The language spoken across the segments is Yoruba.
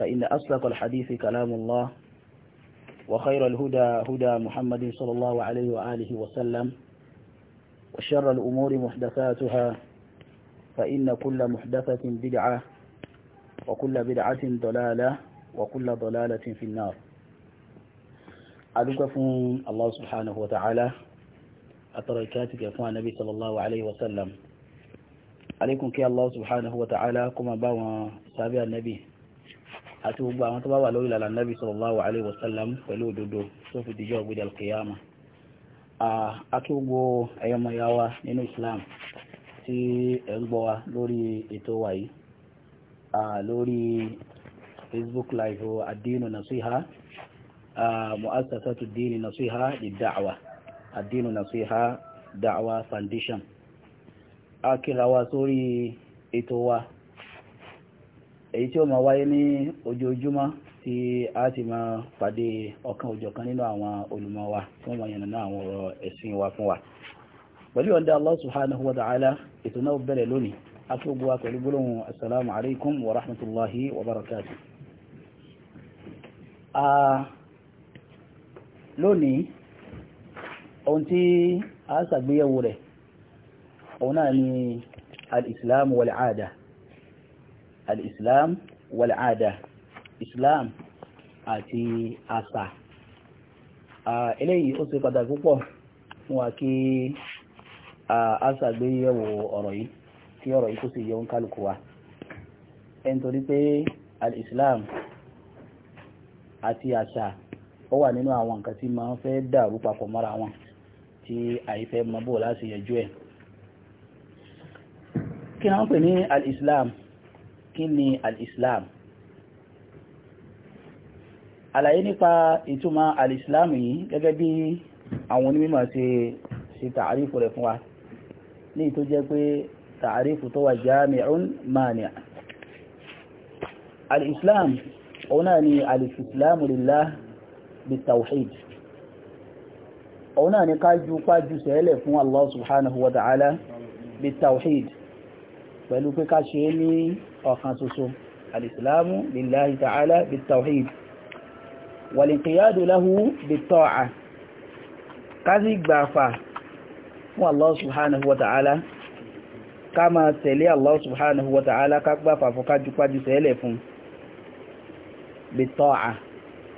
فإن أصدق الحديث كلام الله وخير الهدى هدى محمد صلى الله عليه وآله وسلم وشر الأمور محدثاتها فإن كل محدثة بدعة وكل بدعة ضلالة وكل ضلالة في النار أدوك الله سبحانه وتعالى أتركاتك يا النبي صلى الله عليه وسلم عليكم كي الله سبحانه وتعالى كما باوى سابع النبي àti gbogbo àwọn tó bá wà lórí ìlànà nàbì sallallahu alaihi wasallam pẹ̀lú òdodo tó fi dijọ́ ọ̀gbẹ́dẹ̀ alkiyama àti gbogbo ẹ̀yọmọ̀yá wa nínú islam tí ẹ̀ ń gbọ́ wa lórí ètò wa yìí lórí facebook live ad-dinu nasiha mu'assasatu dini nasiha lid-da'wa ad nasiha da'wa foundation akíra wa sórí ètò wa èyí tí ó máa wáyé ní ojoojúmọ́ tí a ti máa pàdé ọ̀kan òjọ̀kan nínú àwọn olùmọ̀ wa tí wọ́n máa yànnàná àwọn ọ̀rọ̀ ẹ̀sìn wa fún wa pẹ̀lú ọ̀dá Allah subhanahu wa ta'ala ètò náà bẹ̀rẹ̀ lónìí a tó gbọ́ pẹ̀lú gbólóhùn assalamu alaikum wa rahmatullahi wa barakatuh lónìí ohun tí a ṣàgbéyẹ̀wò rẹ̀ òun náà ni al-islam wal-aada al-islam wal-ada islam àti àṣà eléyìí ó ṣe pàtàkì púpọ̀ fún wa kí àṣà gbé yẹ̀wò ọ̀rọ̀ yìí kí ọ̀rọ̀ yìí kó sì yẹun kálukú wa ẹn torí pé al-islam àti àṣà ó wà nínú àwọn nǹkan tí máa ń fẹ́ dàrú papọ̀ mọ́ra wọn tí àìfẹ́ mọ́bò láti yẹjú ẹ̀ kí náà pè ní al kí ni al-islam àlàyé nípa ìtumọ̀ al-islam yìí gẹ́gẹ́ bí àwọn onímọ̀ ṣe ṣe tààrífù rẹ̀ fún wa ní tó jẹ́ pé tààrífù tó wà jami'un mania al-islam òun náà ni al-islamu lillah bitawhid òun ni ká pájú sẹ́lẹ̀ fún Allah subhanahu wa ta'ala bitawhid pẹ̀lú pé ká ṣe ní ọ̀kan ṣoṣo alìsìláàmù lillahi ta'ala bitawhid wàlìkìyàdù láhú bita'a kásì gbàfà fún Allah subhanahu wa ta'ala ká máa tẹ̀lé Allah subhanahu wa ta'ala ká gbàfà fún kájúpájú tẹ́lẹ̀ fún bita'a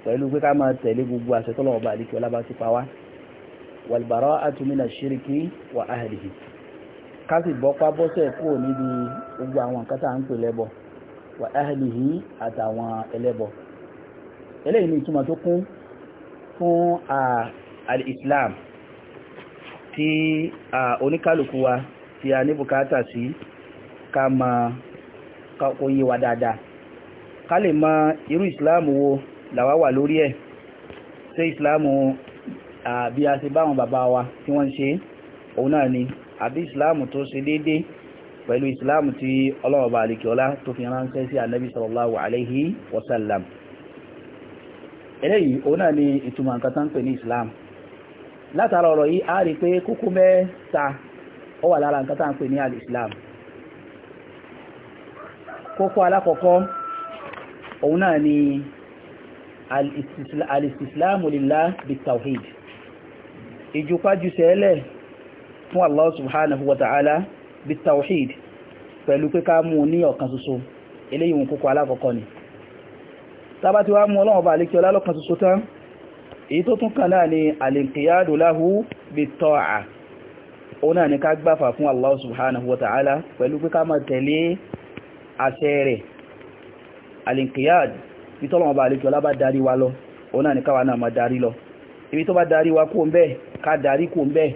pẹ̀lú pé ká máa tẹ̀lé gbogbo àṣẹ tọ́lọ̀ ọba kasi sì bọ́pá bọ́sẹ̀ kúrò níbi gbogbo àwọn nǹkan tá à ń pè lẹ́bọ wà áhìlìhì àtàwọn ẹlẹ́bọ eléyìí ni ìtumọ̀ tó kún fún al-islam tí oníkálukú wa tí a ní bùkátà sí ká mọ kó yé wa dáadáa ká lè mọ irú islam wo làwa wà lórí ẹ̀ ṣé islam bí a ṣe báwọn bàbá wa tí wọ́n ṣe òun náà ni àbí ìsìláàmù tó ṣe déédé pẹ̀lú ìsìláàmù tí ọlọ́ọ̀bá àlekíọ́lá tó fi ránṣẹ́ sí ànábì sallallahu alaihi wasallam eléyìí òun náà ni ìtumọ̀ nǹkan tán pè ní islam látara ọ̀rọ̀ yìí a rí pé kúkú mẹ́ta ó wà lára nǹkan tán pè ní al kókó alákọ̀ọ́kọ́ òun náà ni al-istislamu lillah bitawhid ìjùpájùsẹ̀ẹ́lẹ̀ fún Allah subhanahu wa ta'ala bí tawhid pẹ̀lú pé ká mú ní ọ̀kan ṣoṣo eléyìí wọn kókó alákọ̀ọ́kọ́ ni tàbá ti wá mú ọlọ́run bá lékí ọlá lọ́kan ṣoṣo tán èyí tó tún kàn náà ni al-inqiyadu lahu bit-ta'a òun náà ni ká gbáfà fún Allah subhanahu wa ta'ala pẹ̀lú pé ká máa tẹ̀lé àṣẹ rẹ̀ al ibi tó bá darí wa kó ń bẹ́ẹ̀ ká darí kó ń bẹ́ẹ̀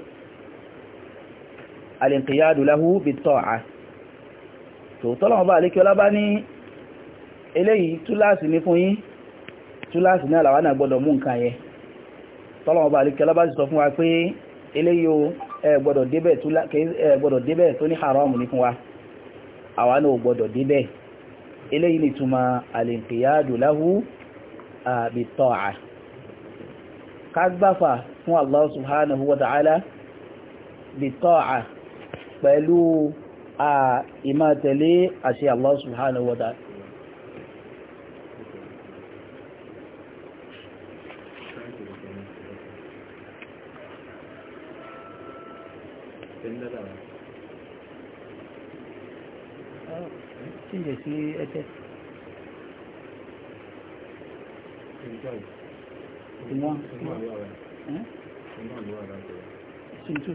alìkìyàdù láhú bí tọ́à tó tọ́lọ̀wọ́ bá alékí ọlá bá ní eléyìí túláàsì ní fún yín túláàsì náà làwọn náà gbọ́dọ̀ mú nǹkan yẹ tọ́lọ̀wọ́ bá alékí ọlá bá sì sọ fún wa pé eléyìí ẹ gbọ́dọ̀ débẹ̀ tó ní haram ní fún wa àwọn náà gbọ́dọ̀ débẹ̀ Allah subhanahu wa ta'ala bí tọ́à pẹ̀lú ìmá tẹ̀lé àṣẹ Allah subhanahu wa ta'ala sílẹ̀ sí ẹgbẹ́ ìmọ̀ ìmọ̀ ìwọ̀ ara ṣe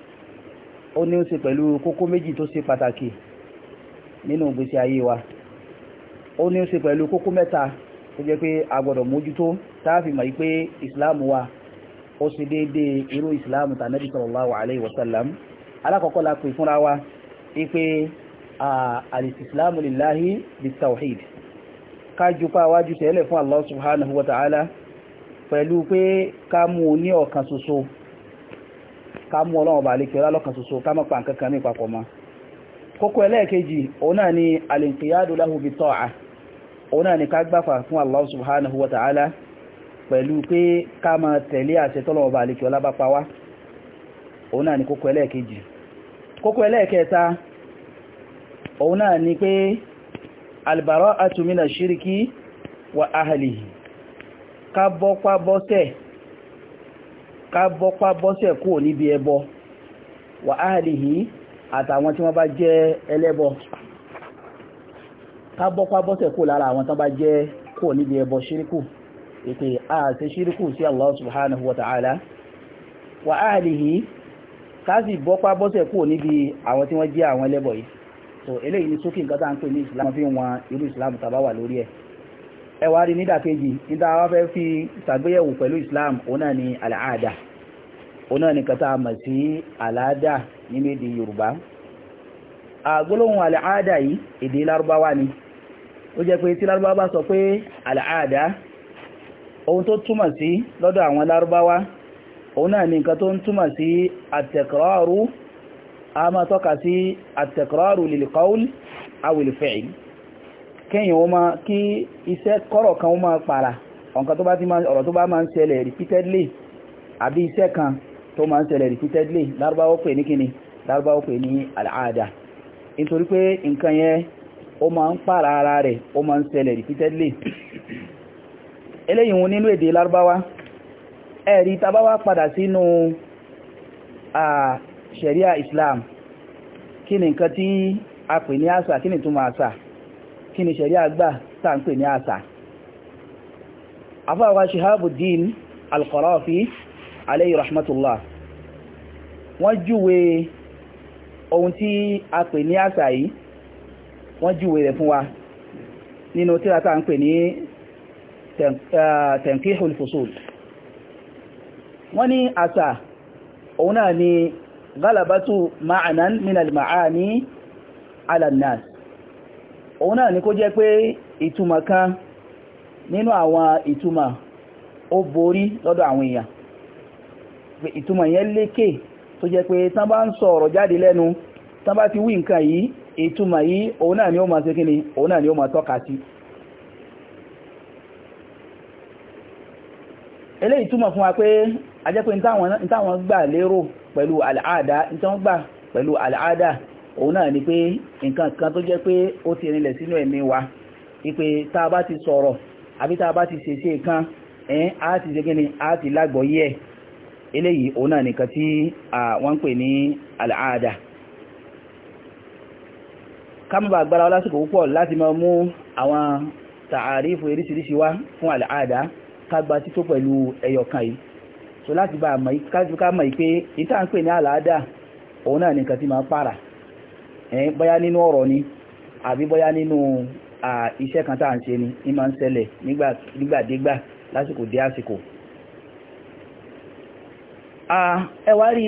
ó ní ó ṣe pẹ̀lú kókó méjì tó ṣe pàtàkì nínú ìgbésí ayé wa ó ní ó ṣe pẹ̀lú kókó mẹ́ta tó jẹ́ pé a gbọ́dọ̀ mójútó tá a fi mọ̀ pé ìsìláàmù wa ó ṣe déédéé irú ìsìláàmù tànàbí sallallahu alayhi wa alákọ̀ọ́kọ́ la pè fúnra wa wípé alìsìsìláàmù lillahi bitawhid ká jùpá wájú tẹ́lẹ̀ fún Allah subhanahu wa ta'ala pẹ̀lú pé ká mú ní ọ̀kan ṣoṣo ká mú ọlọ́run bá lékè ọlọ́kan ṣoṣo ká mọ́ pa nǹkan ní ìpapọ̀ mọ́ kókó ẹlẹ́ẹ̀kejì òun ni al-inqiyadu lahu bit ni ká gbáfà fún Allah subhanahu wa ta'ala pẹ̀lú pé ká máa tẹ̀lé àṣẹ tọ́lọ́run pa wá òun ni kókó ẹlẹ́ẹ̀kejì kókó ni pé al-bara'atu mina shirki wa ahlihi ká bọ́pá ká bọ́pá bọ́sẹ̀ kúrò níbi ẹbọ wà áàlìhì àtàwọn tí wọ́n bá jẹ́ ẹlẹ́bọ ká bọ́pá bọ́sẹ̀ kúrò lára àwọn tán bá jẹ́ kúrò níbi ẹbọ ṣíríkù ètè àti ṣíríkù sí Allah subhanahu wa ta'ala wà áàlìhì ká sì bọ́pá bọ́sẹ̀ kúrò níbi àwọn tí wọ́n jẹ́ àwọn ẹlẹ́bọ yìí ni sókè nǹkan tá à ń pè ẹwà rí nídàkejì níta wá fẹ́ fi ṣàgbéyẹ̀wò pẹ̀lú islam ọ̀nà ni àlàáda ọ̀nà ni kata mọ̀ sí àlàáda ní méde yorùbá àgbólóhùn àlàáda yìí èdè lárúbáwá ni ó jẹ́ pé tí lárúbáwá bá sọ pé àlàáda ohun tó túmọ̀ sí lọ́dọ̀ àwọn lárúbáwá ọ̀nà ni nǹkan tó ń túmọ̀ sí àtẹ̀kọ́rù a máa tọ́ka sí àtẹ̀kọ́rù lil kẹ́yìn máa kí iṣẹ́ kọ́rọ̀ kan ó máa para ọ̀nkan tó bá ti ọ̀rọ̀ tó bá máa ń repeatedly àbí iṣẹ́ kan tó máa ń ṣẹlẹ̀ repeatedly lárúbáwọ́ pè ní kíni lárúbáwọ́ pè ní àlàáda nítorí pé nǹkan yẹn o máa ń para ara rẹ̀ o máa ń ṣẹlẹ̀ repeatedly Islam kí ni nǹkan tí a pè kí ni ṣẹ̀rí àgbà tá ń pè ní àṣà afọ́wà Shihabuddin Al-Qarafi alayhi rahmatullah wọ́n júwe ohun tí a pè ní àṣà yìí wọ́n júwe rẹ̀ fún wa nínú tírà tá ń ní tankihul fusul wọ́n ní àṣà òun náà ni galabatu ma'anan min al-ma'ani ala òun náà ni kó jẹ́ pé kan nínú àwọn ìtumọ̀ ó borí lọ́dọ̀ àwọn èèyàn ìtumọ̀ yẹn lékè tó jẹ́ pé tán bá ń sọ ọ̀rọ̀ ti wí nǹkan yìí ituma yìí òun náà ni ó máa ṣe òun náà ni ó máa tọ́ka sí a jẹ́ pe pẹ̀lú òun náà ni pé nǹkan kan tó jẹ́ pé ó ti rinlẹ̀ sínú ẹ̀mí wa wípé tá a bá ti sọ̀rọ̀ àbí tá a bá ti ṣèṣe kan ẹ̀ẹ́n á ti ṣe kí ni á ti lágbọ̀ọ́yé ẹ̀ eléyìí òun náà nìkan tí wọ́n ń pè ní àlàáda kámọ́bà agbára lásìkò púpọ̀ láti máa mú àwọn tààrífù eríṣiríṣi wá fún àlàáda kágbá sí tó pẹ̀lú ẹyọkan yìí so láti bá a mọ̀ pé ìta pè ní àlàáda òun náà nìkan tí máa pààrà ẹ̀yìn eh, bóyá nínú ọ̀rọ̀ ni àbí bóyá nínú iṣẹ́ kan tá à ń ṣe ni ní máa ń ṣẹlẹ̀ nígbàdégbà lásìkò dé àsìkò ẹ wá rí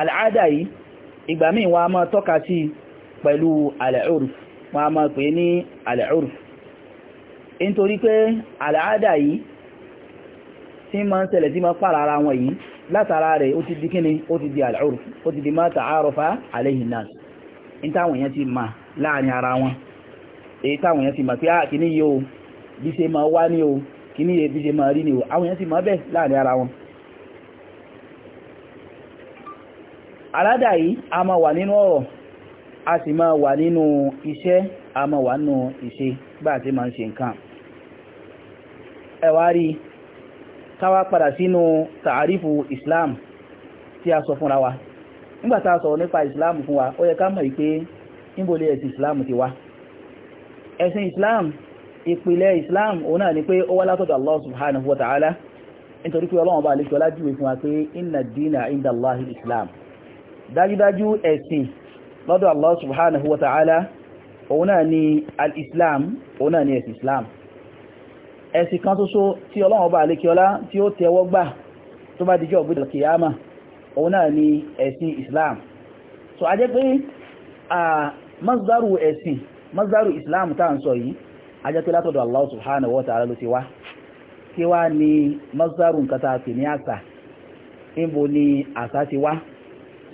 àlàádà yìí ìgbà míì wọ́n a máa tọ́ka sí pẹ̀lú àlàúrf wọ́n a máa pè ní àlàúrf nítorí pé àlàádà yìí tí máa ń ṣẹlẹ̀ tí máa pààrà ara wọn yìí látara rẹ̀ ó ti di kíni ó ti di àlàúrf ó ti di máa ta'árafa alayhi nas ní táwọn èèyàn ti mà láàrin ara wọn èyí táwọn èèyàn ti ma pé ah, kíní yìí o bí ṣe máa wá ní o kíní yìí bí ṣe máa rí ní o àwọn èèyàn ti mà bẹ́ẹ̀ láàrin ara wọn aládà yìí a máa wà nínú ọ̀rọ̀ a sì máa wà nínú iṣẹ́ a máa wà nínú ìṣe bá àti máa ń ṣe nǹkan ẹ rí káwá padà sínú tààrífù Islam tí a sọ fúnra wa nígbà tá a sọ̀rọ̀ nípa ìsìláàmù fún wa ó yẹ ká mọ̀ ìpé níbòlé ẹ̀sìn ìsìláàmù ti wá ẹ̀sìn ìsìláàmù ìpìlẹ̀ Islam òun náà ni pé ó wá látọ̀dọ̀ Allah subhanahu wa ta'ala nítorí pé ọlọ́run bá lè ṣọlá jùwé fún wa pé inna dina inda Allah islam dájúdájú ẹ̀sìn lọ́dọ̀ Allah subhanahu wa ta'ala òun náà ni al-islam òun náà ni ẹ̀sìn islam ẹ̀sìn kan ṣoṣo tí ọlọ́run bá lè ṣọlá tí ó tẹ́wọ́ gbà tó bá dijọ́ ògbé kìyàmà òun náà ni ẹ̀sìn islam so a jẹ́ pé masdaru ẹ̀sìn masdaru islam tá à ń sọ yìí a jẹ́ pé látọ̀dọ̀ allah subhanahu wa ta'ala ló ti wá kí wá ni masdaru nǹkan tá a ní àṣà níbo ni àṣà ti wá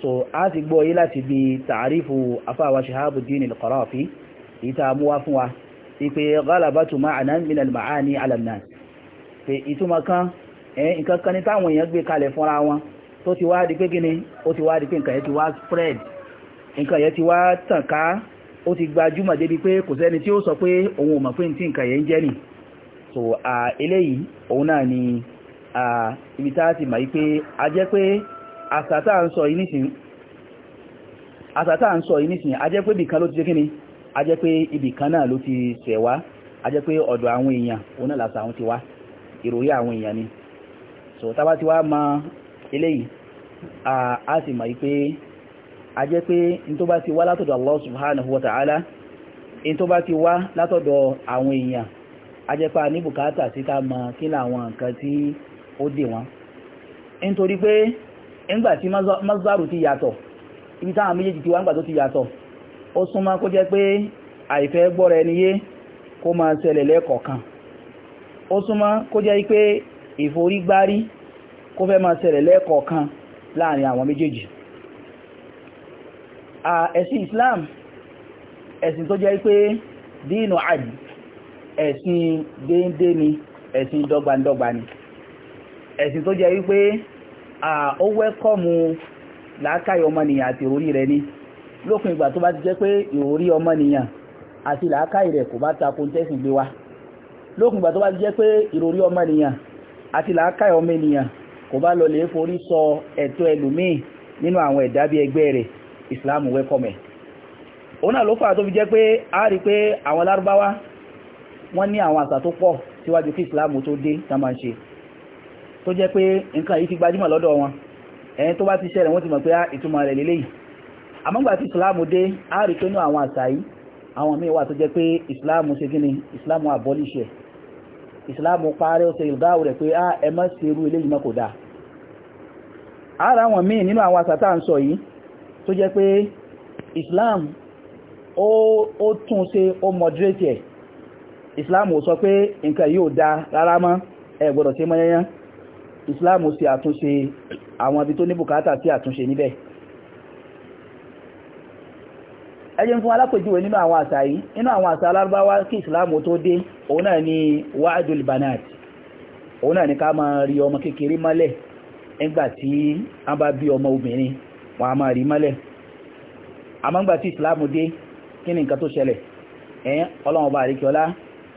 so a ti gbọ́ yí láti bi tààrífù afáwa shahabuddin al-qarafi ìta mú wá fún wa ìpè ghalabatu ma'anan min al-ma'ani ala an-nas pé ìtumọ̀ kan nǹkan kan ní táwọn èèyàn gbé kalẹ̀ fúnra tó ti wá di pé gíní ó ti wá di pé nǹkan yẹn ti wá spread nǹkan yẹn ti wá tàn ká ó ti gbajúmọ̀ débi pé kò sẹ́ni tí ó sọ pé òun ò mọ̀ pé tí nǹkan yẹn ń jẹ́ nì so eléyìí òun náà ni ibi tá a ti mọ̀ pé a jẹ́ pé àṣà tá à ń sọ yìí nísìn àṣà tá à ń sọ yìí nísìn a jẹ́ pé ibìkan ló ti ṣe kíni a jẹ́ pé ibìkan náà ló ti ṣẹ̀ wá a jẹ́ pé ọ̀dọ̀ àwọn èèyàn òun náà làṣà àwọn ti wá ìròyìn àwọn èèyàn ni so tábà ti wá mọ eleyi a si ma a jẹ pe n to ba ti wa latodo allah subhanahu wa ta'ala n to ti wa latodo awon eyan a jẹ pa ni bukata si ka ma ki na awon nkan ti ode de won n pe ngba ti mazaru ti yato ibi ta meji ti wa ngba to ti yato o sunma ko jẹ pe aife gbora eniye ko ma sele lekokan o sunma ko jẹ pe iforigbari kó fẹ́ máa ṣẹlẹ̀ lẹ́ẹ̀kọ̀ọ̀kan láàrin àwọn méjèèjì ẹ̀sìn Islam ẹ̀sìn tó jẹ́ pé dínú àdì ẹ̀sìn déédé ni ẹ̀sìn dọ́gbandọ́gba ni ẹ̀sìn tó jẹ́ wípé ó wẹ́kọ̀mù làákàyè ọmọnìyàn àti ìròrí rẹ̀ ni lópin ìgbà tó bá ti jẹ́ pé ìròrí ọmọnìyàn àti làákàyè rẹ̀ kò bá takò tẹ́sìn gbé wa lópin ìgbà tó bá ti jẹ́ pé ìròrí ọmọnìyàn àti làákàyè ọmọnìyàn kò bá lọ lè forí sọ ẹ̀tọ́ ẹlòmíì nínú àwọn ẹ̀dá bí ẹgbẹ́ rẹ̀ islam welcome ẹ̀ òun náà ló fà tó fi jẹ́ pé a rí pé àwọn lárúbáwá wọ́n ní àwọn àṣà tó pọ̀ síwájú kí islam tó dé tá máa ń ṣe tó jẹ́ pé nǹkan yìí ti gbajúmọ̀ lọ́dọ̀ wọn ẹ̀yìn tó bá ti ṣẹlẹ̀ wọ́n ti mọ̀ pé ah, ìtumọ̀ rẹ̀ lélẹ́yìí àmọ́gbà tí islam dé a rí pé nínú àwọn àṣà yìí àwọn míì wà tó jẹ́ pé islam ṣe gíní islam abolish islam parẹ́ ó ṣe rẹ̀ pé ah, ẹ má ṣe eléyìí mọ́ kò dáa ara wọn míì nínú àwọn àsàtà ń sọ yìí tó jẹ́ pé Islam ó tún ṣe ó moderate ẹ̀ Islam ò sọ pé nǹkan yóò da rárá mọ́ ẹ gbọ́dọ̀ ṣe mọ́ yẹnyán Islam ṣe àtúnṣe àwọn ibi tó ní bùkátà sí àtúnṣe níbẹ̀ ẹjẹ́ fún alápèjúwe nínú àwọn àṣà yìí nínú àwọn àṣà alárúbáwá kí Islam tó dé òun náà ni banat òun náà ni ká máa rí nígbà tí wọ́n bá bí ọmọ obìnrin wọn a máa rí mọ́lẹ̀ àmọ́ nígbà tí ìsìláàmù dé kí ni nǹkan tó ṣẹlẹ̀ ẹ̀yìn ọlọ́run ọba àríkíọlá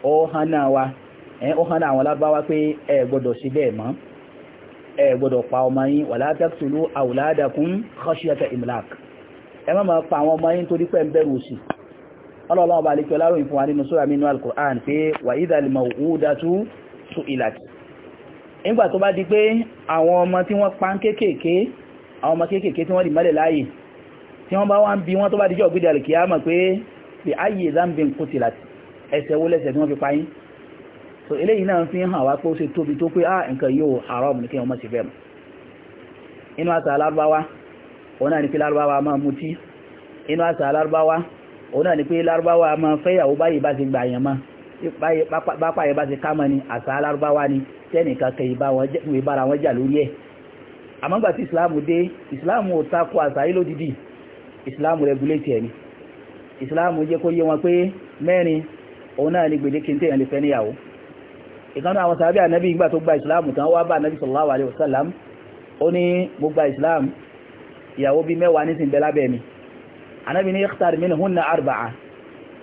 ó hàn náà wa ẹ̀yìn ó hàn náà àwọn lábáwá pé ẹ gbọ́dọ̀ sí bẹ́ẹ̀ mọ́ ẹ gbọ́dọ̀ pa ọmọ yín wala taqtulu awladakum khashyata imlak ẹ má máa pa àwọn ọmọ yín torí pé ń bẹ̀rù òṣì ọlọ́run ọba àríkíọlá ròyìn fún wa nínú sura min al nígbà tó bá di pé àwọn ọmọ tí wọ́n pa ń kéèkéèké àwọn ọmọ kéèkéèké tí wọ́n di mọ́lẹ̀ láàyè tí wọ́n bá wá ń bi wọ́n tó bá dijọ́ gbídà rẹ̀ kí á mọ̀ pé pé ayé zambin kò tìlà ẹsẹ̀ owó lẹ́sẹ̀ tí wọ́n fi pa so eléyìí náà fi hàn wá pé ó ṣe tóbi tó pé ah nǹkan yóò haram ní kí wọ́n mọ̀ sí bẹ́ẹ̀ mọ́ inú àṣà alárúbáwá òun náà ni pé lárúbáwá máa mutí inú àṣà alárúbáwá òun náà ni pé lárúbáwá máa fẹ́yàwó báyìí bá ti gbà yẹn máa bápá yẹn bá ti ká mọ́ ni àṣà alárúbáwá ni tẹ́nìkan kẹ́ ìbára wọn jà lórí ẹ̀ àmọ́gbà tí ìsìláàmù dé ìsìláàmù ò takò àṣà yìí lódìdí ìsìláàmù rẹ̀gúlétì ẹ̀ ni ìsìláàmù jẹ́ kó yé wọn pé mẹ́rin òun náà ni gbèdéke ń tẹ̀yàn lè fẹ́ níyàwó ìkànnà àwọn sàábí ànábì ìgbà tó gba ìsìláàmù tán wá bá ànábì sallallahu alaihi wasallam ó ní mo gba ìsìláàmù ìyàwó bíi mẹ́wàá nísìn bẹ arba'a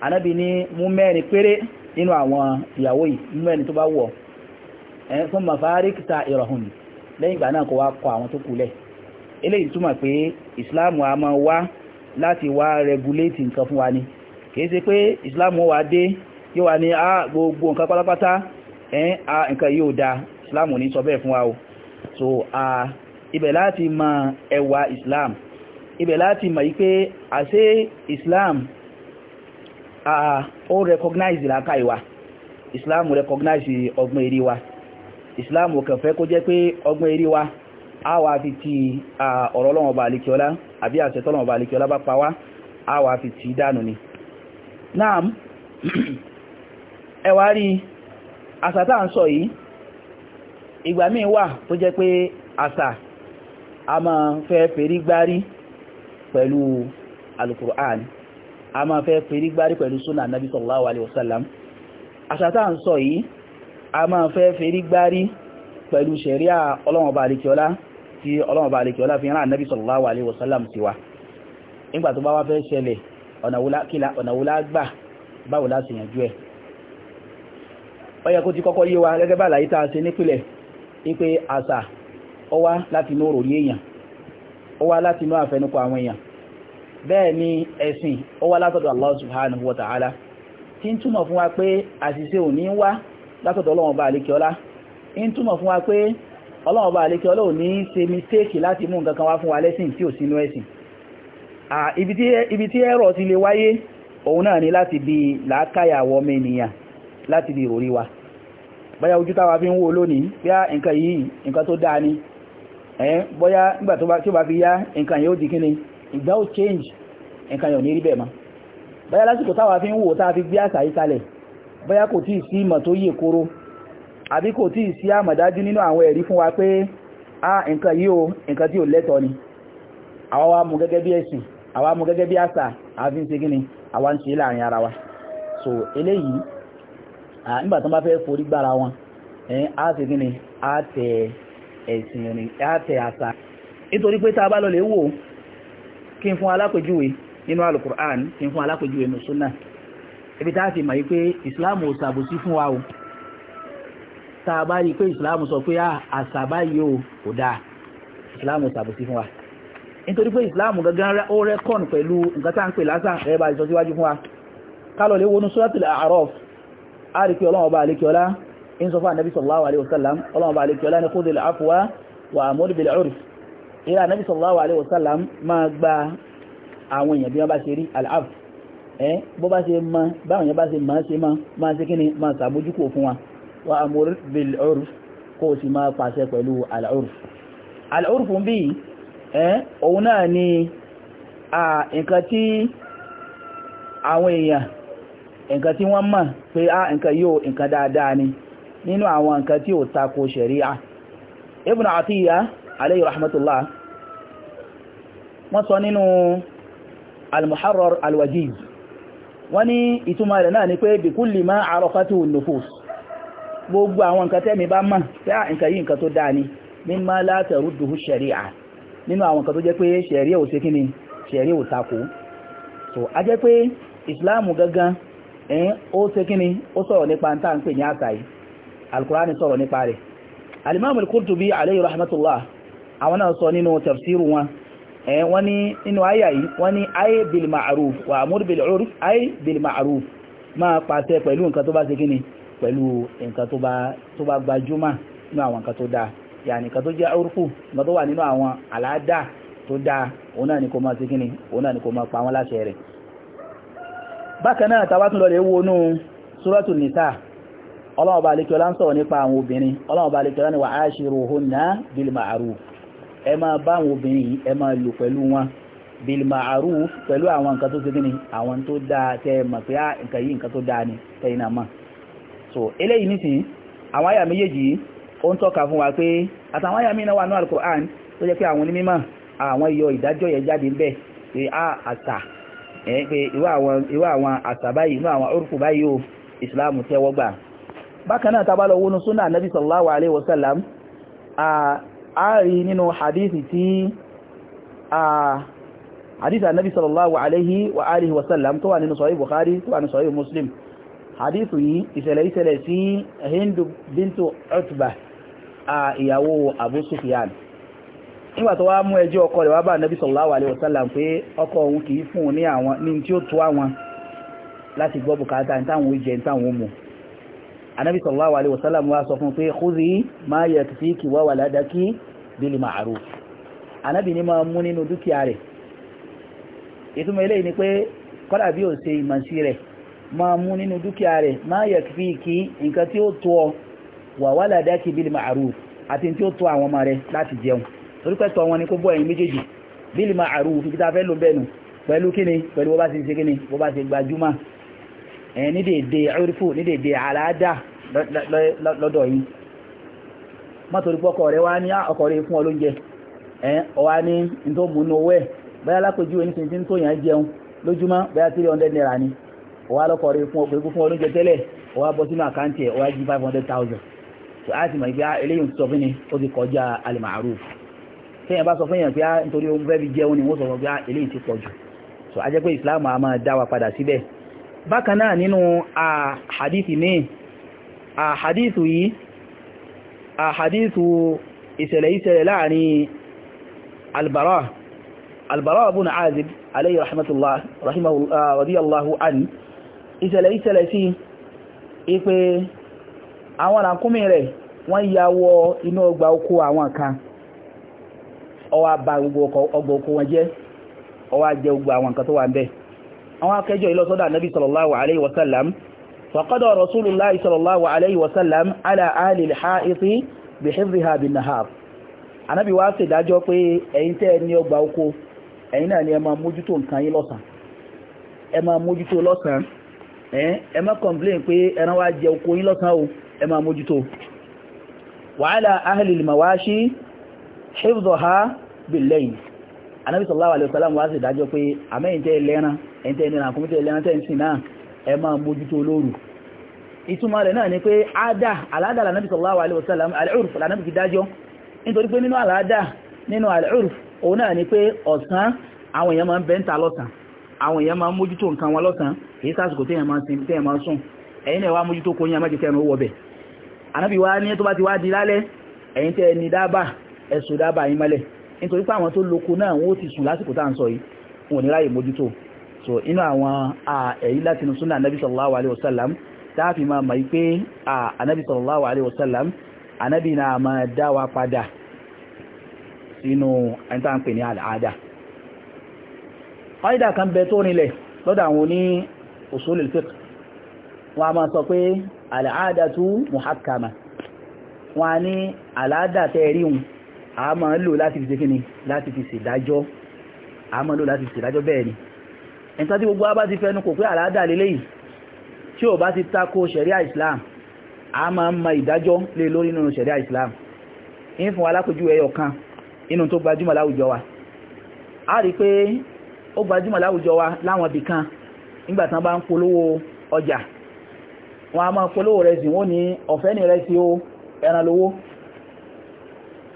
ànábì ní mú mẹ́rin nínú àwọn ìyàwó yìí nínú ẹni tó bá wọ̀ ẹ̀ fún mafari ta ìrọ̀hùn lẹ́yìn ìgbà náà kò wá kọ àwọn tó kù lẹ̀ eléyìí túmọ̀ pé ìsìláàmù a máa wá láti wá rẹguléètì nǹkan wa ni kìí ṣe pé ìsìláàmù wa dé yóò wá ní á gbogbo nǹkan pátápátá ẹ̀ á nǹkan yóò da ìsìláàmù ní sọ bẹ́ẹ̀ fún wa o so a ibẹ̀ láti mọ ẹwà ìsìláàmù ibẹ̀ láti mọ̀ yí pé àṣé ìsìláàmù ó recognize làákà ìwà islam recognize ọgbọ́n eré wa islam kàn fẹ́ kó jẹ́ pé ọgbọ́n eré wa a fi ti ọ̀rọ̀ Ọlọ́run Ọba àlekíọ́lá àbí àṣẹ t'Ọlọ́run Ọba àlekíọ́lá bá pa a fi ti dànù ni náà ẹ wá rí àṣà tá à ń sọ yìí ìgbà míì wà tó jẹ́ pé àṣà a máa fẹ́ fèrí gbárí pẹ̀lú alukur'an a máa fẹ́ fi rí gbárí pẹ̀lú súnà nabi sallallahu alaihi wasallam àṣà tá à ń sọ yìí a máa fẹ́ fi rí gbárí pẹ̀lú ṣẹ̀ríà ọlọ́wọ̀n balikiola tí ọlọ́wọ̀n balikiola fi rán nabi sallallahu alaihi wasallam tiwa nígbà tó bá wá fẹ́ ṣẹlẹ̀ ọ̀nà wúlá gbà báwo láti yànjú ẹ̀ ó yẹ kó ti kọ́kọ́ yé wa gẹ́gẹ́ bá àlàyé tá a ṣe nípìnlẹ̀ wípé bẹ́ẹ̀ ni ẹ̀sìn ó wá látọ̀dọ̀ Allah subhanahu wa ta'ala tí ń túmọ̀ fún wa pé àṣìṣe ò ní wá látọ̀dọ̀ ọlọ́run bá àlékiọlá ń túmọ̀ fún wa pé ọlọ́run bá àlékiọlá ò ní ṣe mistake láti mú nǹkan kan wá fún wa lẹ́sìn tí ò sínú ẹ̀sìn ibi tí ẹ̀rọ ti lè wáyé òun náà ni láti bi làákàyà wọmọ ènìyàn láti bí wa ojú táwa fi ń lónìí á nǹkan yìí nǹkan tó dáa ni ẹ̀ ó bá fi yá nǹkan without change en kan yo ni ma baya lati ko ta wa fin wo ta fi bi asa isale baya ko ti si mo to ye koro abi ko ti si amadaju ninu awon eri funwa pe a nkan yi o nkan ti o leto ni awa wa mu gege bi esin awa mu gege bi asa a fin gini awa n se laarin ara so eleyi a nigba tan ba fe fori gbara won eh a se a te esin a te asa nitori ta ba lo kí n fún alápèjúwe nínú alukur'an kí n fún alápèjúwe nínú sunna ibi tá a fi mọ̀ yí pé ìsìláàmù ò ṣàbòsí fún wa o tá a bá rí i pé ìsìláàmù sọ pé ah, àṣàbá yìí o kò dáa ìsìláàmù ò ṣàbòsí fún wa nítorí pé ìsìláàmù gangan ó rẹ́kọ̀n pẹ̀lú nǹkan tá à ń pè lásà rẹ̀ bá ìsọ síwájú fún wa kálọ̀ lè wọnú suratul a'raf a rí pé ọlọ́run ọba ń sọ fún ànábì sallallahu alaihi wasallam ọlọ́run ọba àlékiọlá ní khudhil ìrà anábì sallallahu alaihi wasallam máa gba àwọn èèyàn bí wọ́n bá ṣe rí al-af ẹ́ bó bá ṣe mọ́ báwọn èèyàn bá ṣe máa ṣe máa ṣe kí ni máa ṣàmójúkò fún wa wa amur bil-urf kó o sì máa pàṣẹ pẹ̀lú al-urf al-urf ń bí ẹ́ òun náà ni nǹkan tí àwọn èèyàn nǹkan tí wọ́n mọ̀ pé á nǹkan yóò nǹkan dáadáa ni nínú àwọn nǹkan tí ò tako ṣẹ̀ríà Ibn Atiyya alayhi rahmatullah wọ́n sọ nínú al-muharrar al-wajiz wọ́n ní ìtumọ̀ rẹ̀ náà ni pé bí kulli ma arafatu an-nufus gbogbo àwọn nǹkan tẹ́mi bá mọ̀ tẹ́ ah, nǹkan yìí nǹkan tó dáa ni mimma la tarudduhu sharia nínú àwọn nǹkan tó jẹ́ pé sharia ò ṣe kí ni ò takò so a jẹ́ pé islam gangan ẹ̀yìn ó ṣe kí ni ó sọ̀rọ̀ nípa ń tà ń pè ní àṣà àwọn náà sọ nínú tafsiru wọn ẹ̀ wọ́n ní inú àyà yìí wọ́n ní ayé bil ma'ruf wà amur bil urf ayé bil ma'ruf máa pàṣẹ pẹ̀lú nǹkan tó bá ṣe kíni pẹ̀lú nǹkan tó bá gbajúmọ̀ nínú àwọn nǹkan tó dáa yàní nǹkan tó jẹ́ urfu nǹkan tó wà nínú àwọn àlàádà tó dáa òun náà ni kò máa ṣe kíni ọlọ́wọ́ bá lè ọlá ń sọ̀rọ̀ nípa àwọn obìnrin ọlọ́wọ́ bá lè ọlá ni wà á ṣe rò hún náà bil ma'ruf ẹ máa bá àwọn obìnrin yìí ẹ máa lò pẹ̀lú wọn bil ma'ruf pẹ̀lú àwọn nǹkan tó ṣe kí ni àwọn tó dáa tẹ́ ẹ mọ̀ pé ah, nǹkan yìí nǹkan tó dáa ni tẹ́yìn náà mọ̀ so eléyìí nísìnyí àwọn àyà méjèèjì ó ń tọ́ka fún wa pé àtàwọn àyà mìíràn wà ní al-Qur'an tó jẹ́ pé àwọn onímọ̀ àwọn iyọ̀ ìdájọ́ yẹn jáde ń bẹ̀ pé a ah, àṣà pé ìwà àwọn àṣà báyìí inú àwọn orúkú báyìí o ìsìláàmù tẹ́wọ́ gbà bákan náà tá wọnú súnà nabi sallallahu alaihi wasallam a rí nínú hadithi tí a hadithi annabi sallallahu alaihi wa alihi wasallam tó wà nínú sahih bukhari tó wà nínú sahih muslim hadithu yìí ìṣẹ̀lẹ̀ ìṣẹ̀lẹ̀ sí hindu bintu utba a ìyàwó abu sufyan nígbà tó wá mú ẹjọ́ ọkọ rẹ̀ wá bá nabi sallallahu alaihi wasallam pé ọkọ òun kìí fún ní àwọn ní tí ó tó àwọn láti gbọ́ bùkátà ní táwọn oúnjẹ ní táwọn mú anábì sallallahu alaihi wasallam wá sọ fún pé khudhi ma yakfiki wa waladaki bil ma'ruf anábì ní máa mú nínú dúkìá rẹ̀ ìtumọ̀ eléyìí ni pé kọ́lá bí ó ṣe ìmọ̀sí rẹ̀ máa mú nínú dúkìá rẹ̀ ma yakfiki nǹkan tí ó tó ọ wa waladaki bil ma'ruf àti tí ó tó àwọn ọmọ rẹ̀ láti jẹun torípẹ́ tọ́ wọn ni kó bọ́ ẹ̀yìn méjèèjì bil ma'ruf ibi tá a fẹ́ lò bẹ́ẹ̀ nù pẹ̀lú kíni pẹ̀lú bó bá ti ṣe kíni bó bá e ní dèdè orífò ní dèdè àlàádà lọ́dọ̀ yìí mọ́tòrí pọ́kọ̀ rẹ̀ wá ní ah, ọkọ̀ rẹ̀ fún ọlóúnjẹ eh, ọwá ní tó mú inú owó ẹ̀ lápẹjú tó yàn jẹun lójúmọ́ bẹ́ẹ̀ naira ni ọwá lọ́kọ̀ rẹ̀ fún ọkọ̀ fún ọlóúnjẹ tẹ́lẹ̀ ọwá bọ́ sínú àkáǹtì ẹ̀ ọwá jí five hundred thousand so a mọ̀ ah, eléyìí sọ fún ni ó ti kọjá baka náà nínú a hadithi mi a hadithu yìí a hadithu ìṣẹ̀lẹ̀ ìṣẹ̀lẹ̀ láàrin albara albara abu na azib alayhi rahmatullah an ìṣẹ̀lẹ̀ ìṣẹ̀lẹ̀ sí ipé àwọn ràkúnmí rẹ̀ wọ́n ya wọ inú ọgbà oko àwọn kan ó wá gbogbo ọgbà oko wọn jẹ́ ó àwọn akẹjọ́ ìlọsọ́dà nabi sallallahu alaihi wasallam faqada rasulullahi sallallahu alaihi wasallam ala ahli al-ha'iti bi hifdhiha bin nahar anabi wá ṣe dájọ́ pé ẹ̀yin tẹ́ ní ọgbà oko ẹ̀yin náà ni ẹ máa mójútó nǹkan yín lọ́sàn ẹ máa mójútó lọ́sàn ẹ má complain pé ẹran wá jẹ oko yín lọ́sàn o ẹ máa mójútó wa ala ahli al-mawashi hifdhaha bil anábì sallallahu alaihi wasallam wá sí ìdájọ́ pé àmẹ́yìn tẹ́ lẹ́ran ẹ̀yìn tẹ́ ìnira àkúmítẹ́ lẹ́ran tẹ́ ń sìn náà ẹ máa mójútó lóru ìtumọ̀ rẹ̀ náà ni pé àádá aláàdá anábì sallallahu alaihi wasallam al-urf anábì fi dájọ́ nítorí pé ni pé ọ̀sán àwọn èèyàn máa ń bẹ́ńtà lọ́sàn àwọn èèyàn máa ń mójútó nǹkan wọn lọ́sàn èyí sásìkò téèyàn máa ń sin téèyàn máa ń sùn ẹ̀yin náà wá mójútó kó yín amájẹkẹ́ ẹnu wọ̀bẹ̀ dábà ẹ̀sùn dábà yín mọ́lẹ̀ nítorí pé àwọn tó lóko náà wọ́n ti sùn lásìkò tá ń sọ yìí wọn ò ráyè mójútó so inú àwọn èyí láti inú súnà anábì sallallahu alaihi wasallam tá a fi máa mọ̀ pé anábì sallallahu alaihi wasallam anábì náà máa dá wa padà sínú ẹni tá à ń pè ní àdáadáa ọ̀ídà kan bẹ tó nílẹ̀ lọ́dọ̀ àwọn oní usulul fiqh wọ́n a máa lò láti fi ṣe kíni láti fi ṣèdájọ́ a máa lò láti fi ṣèdájọ́ bẹ́ẹ̀ ni ẹ̀ntọ́ tí gbogbo abá ti fẹ́nu kò pé àládà lélẹ́yìí tí ò bá ti tako ṣẹ̀ríà Islam a máa ń ma ìdájọ́ lé lórí nínú ṣẹ̀ríà Islam ń fún alákojú ẹyọ kan inú tó gbajúmọ̀ láwùjọ wa a rí pé ó gbajúmọ̀ láwùjọ wa láwọn ibì kan nígbà tán bá ń polówó ọjà wọn a máa polówó rẹ̀ sí wọn ní ọ̀fẹ́ ní rẹ̀ sí ó ẹran lówó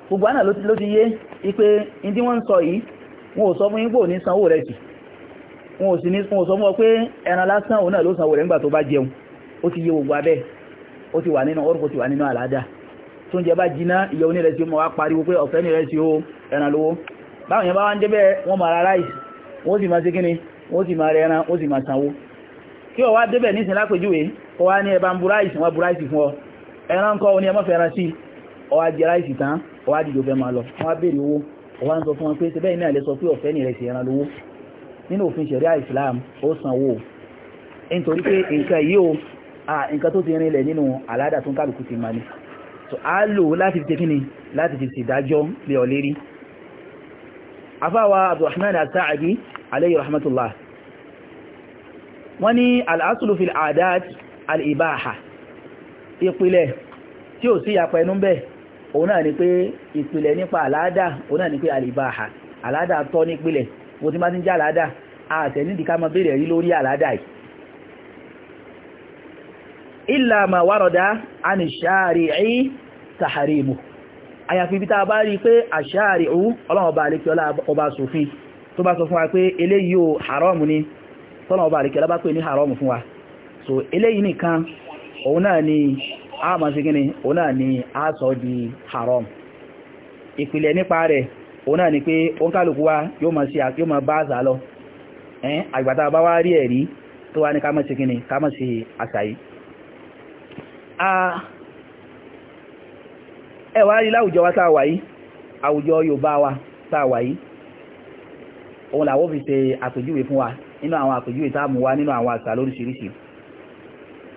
gbogbo àná ló ti yé ipé in tí wọ́n ń sọ yìí wọn ò sọ fún ipò ní sanwó rẹ̀ jì wọn ò sì ní sọ fún ọ pé ẹran lásán òun náà ló sanwó rẹ̀ nígbà tó bá jẹun ó ti yé gbogbo abẹ́ ó ti wà nínú orúkọ ti wà nínú àlàáda tó ń jẹ bá jiná ìyẹ onírẹsì ọmọ wa pariwo pé ọ̀fẹ́ nírẹsì ó ẹran lówó báwọn yẹn bá wá ń débẹ̀ wọ́n máa ra ráìsì wọ́n sì máa ṣe kíni wọ́n sì máa rẹ ẹran wọ́n sì máa sanwó kí o wá débẹ̀ nísìn lápèjúwe kó wá ní ẹ̀bá ń buráìsì wọ́n buráìsì fún ọ ẹran kọ́ ọ ní ẹmọ́fẹ́ ẹran sí i ọwá jẹ ráìsì tán ọwá dìjọ fẹ́ máa lọ wọ́n á béèrè owó ọwá ń sọ fún wọn pé ṣe bẹ́ẹ̀ náà lè pé ọ̀fẹ́ ní ìrẹsì ẹran lówó nínú òfin ṣẹ̀ríà Islam ó san owó nítorí pé nǹkan yìí o nǹkan tó ti rin nínú àládà tó ń kálukú ti máa ni so a lò láti fi kíni láti fi ṣèdájọ́ lé ọ lérí afáwa Abdurrahman as alayhi rahmatullah wọ́n ní al-aslu fil adat al-ibaha ìpìlẹ̀ tí ò sí yapa ẹnu bẹ́ẹ̀ òun náà ni pé ìpìlẹ̀ nípa àláàdà òun náà ni pé àlìbáhà àláàdà tọ́ nípìlẹ̀ mo ti máa ti ń jẹ́ àláàdà àtẹ̀ ká máa béèrè rí lórí àláàdà yìí ma wárọ̀dá àníṣàárì ẹ̀ tàhàrímù àyàfi bí ta bá rí pé àṣàárì òun ọlọ́run ọba àlekí ọba sòfin tó bá sọ fún wa pé o haram ni tọ́nà ọba àlekí ọlá pè ní fún wa so eléyìí nìkan òun náà a ma ṣe gíní òun ni a sọ di haram ìpìlẹ̀ nípa rẹ̀ òun náà ni pé òun kálukú wa yóò ma ṣe yóò ma bá àṣà lọ ẹn àgbàtà bá wá rí ẹ̀rí tó wá ní ká má ṣe gíní ká má ṣe àṣà yìí ẹ wá rí láwùjọ wa táà wà yìí àwùjọ Yorùbá wa táà wà yìí òun làwọ́ fi ṣe àpèjúwe fún wa nínú àwọn àpèjúwe táà mú wa nínú àwọn àṣà lóríṣiríṣi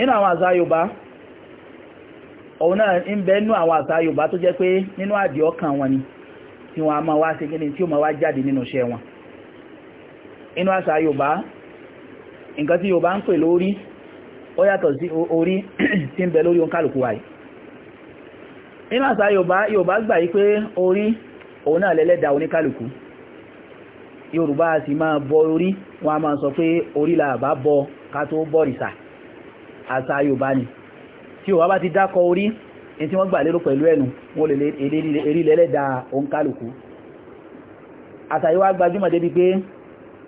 inú àwọn àṣà Yorùbá òun náà ń bẹ nínú àwọn àṣà Yorùbá tó jẹ́ pé nínú àdì ọkàn wọn ni tí wọ́n a máa wá ṣe gíní tí ó máa wá jáde nínú iṣẹ́ wọn inú àṣà Yorùbá nǹkan tí Yorùbá ń pè lórí ó yàtọ̀ sí orí tí ń bẹ lórí oníkálùkù wa yìí inú àṣà Yorùbá Yorùbá gbà yí pé orí òun náà Yorùbá sì máa bọ orí wọn a máa sọ pé orí làbá bọ ká tó àṣà Yorùbá ni tí Yorùbá bá ti dákọ orí ní tí wọ́n gbà lérò pẹ̀lú ẹnu wọ́n lè erí lẹ́lẹ́dà òǹkálùkù àṣà yìí wá gbajúmọ̀ débi pé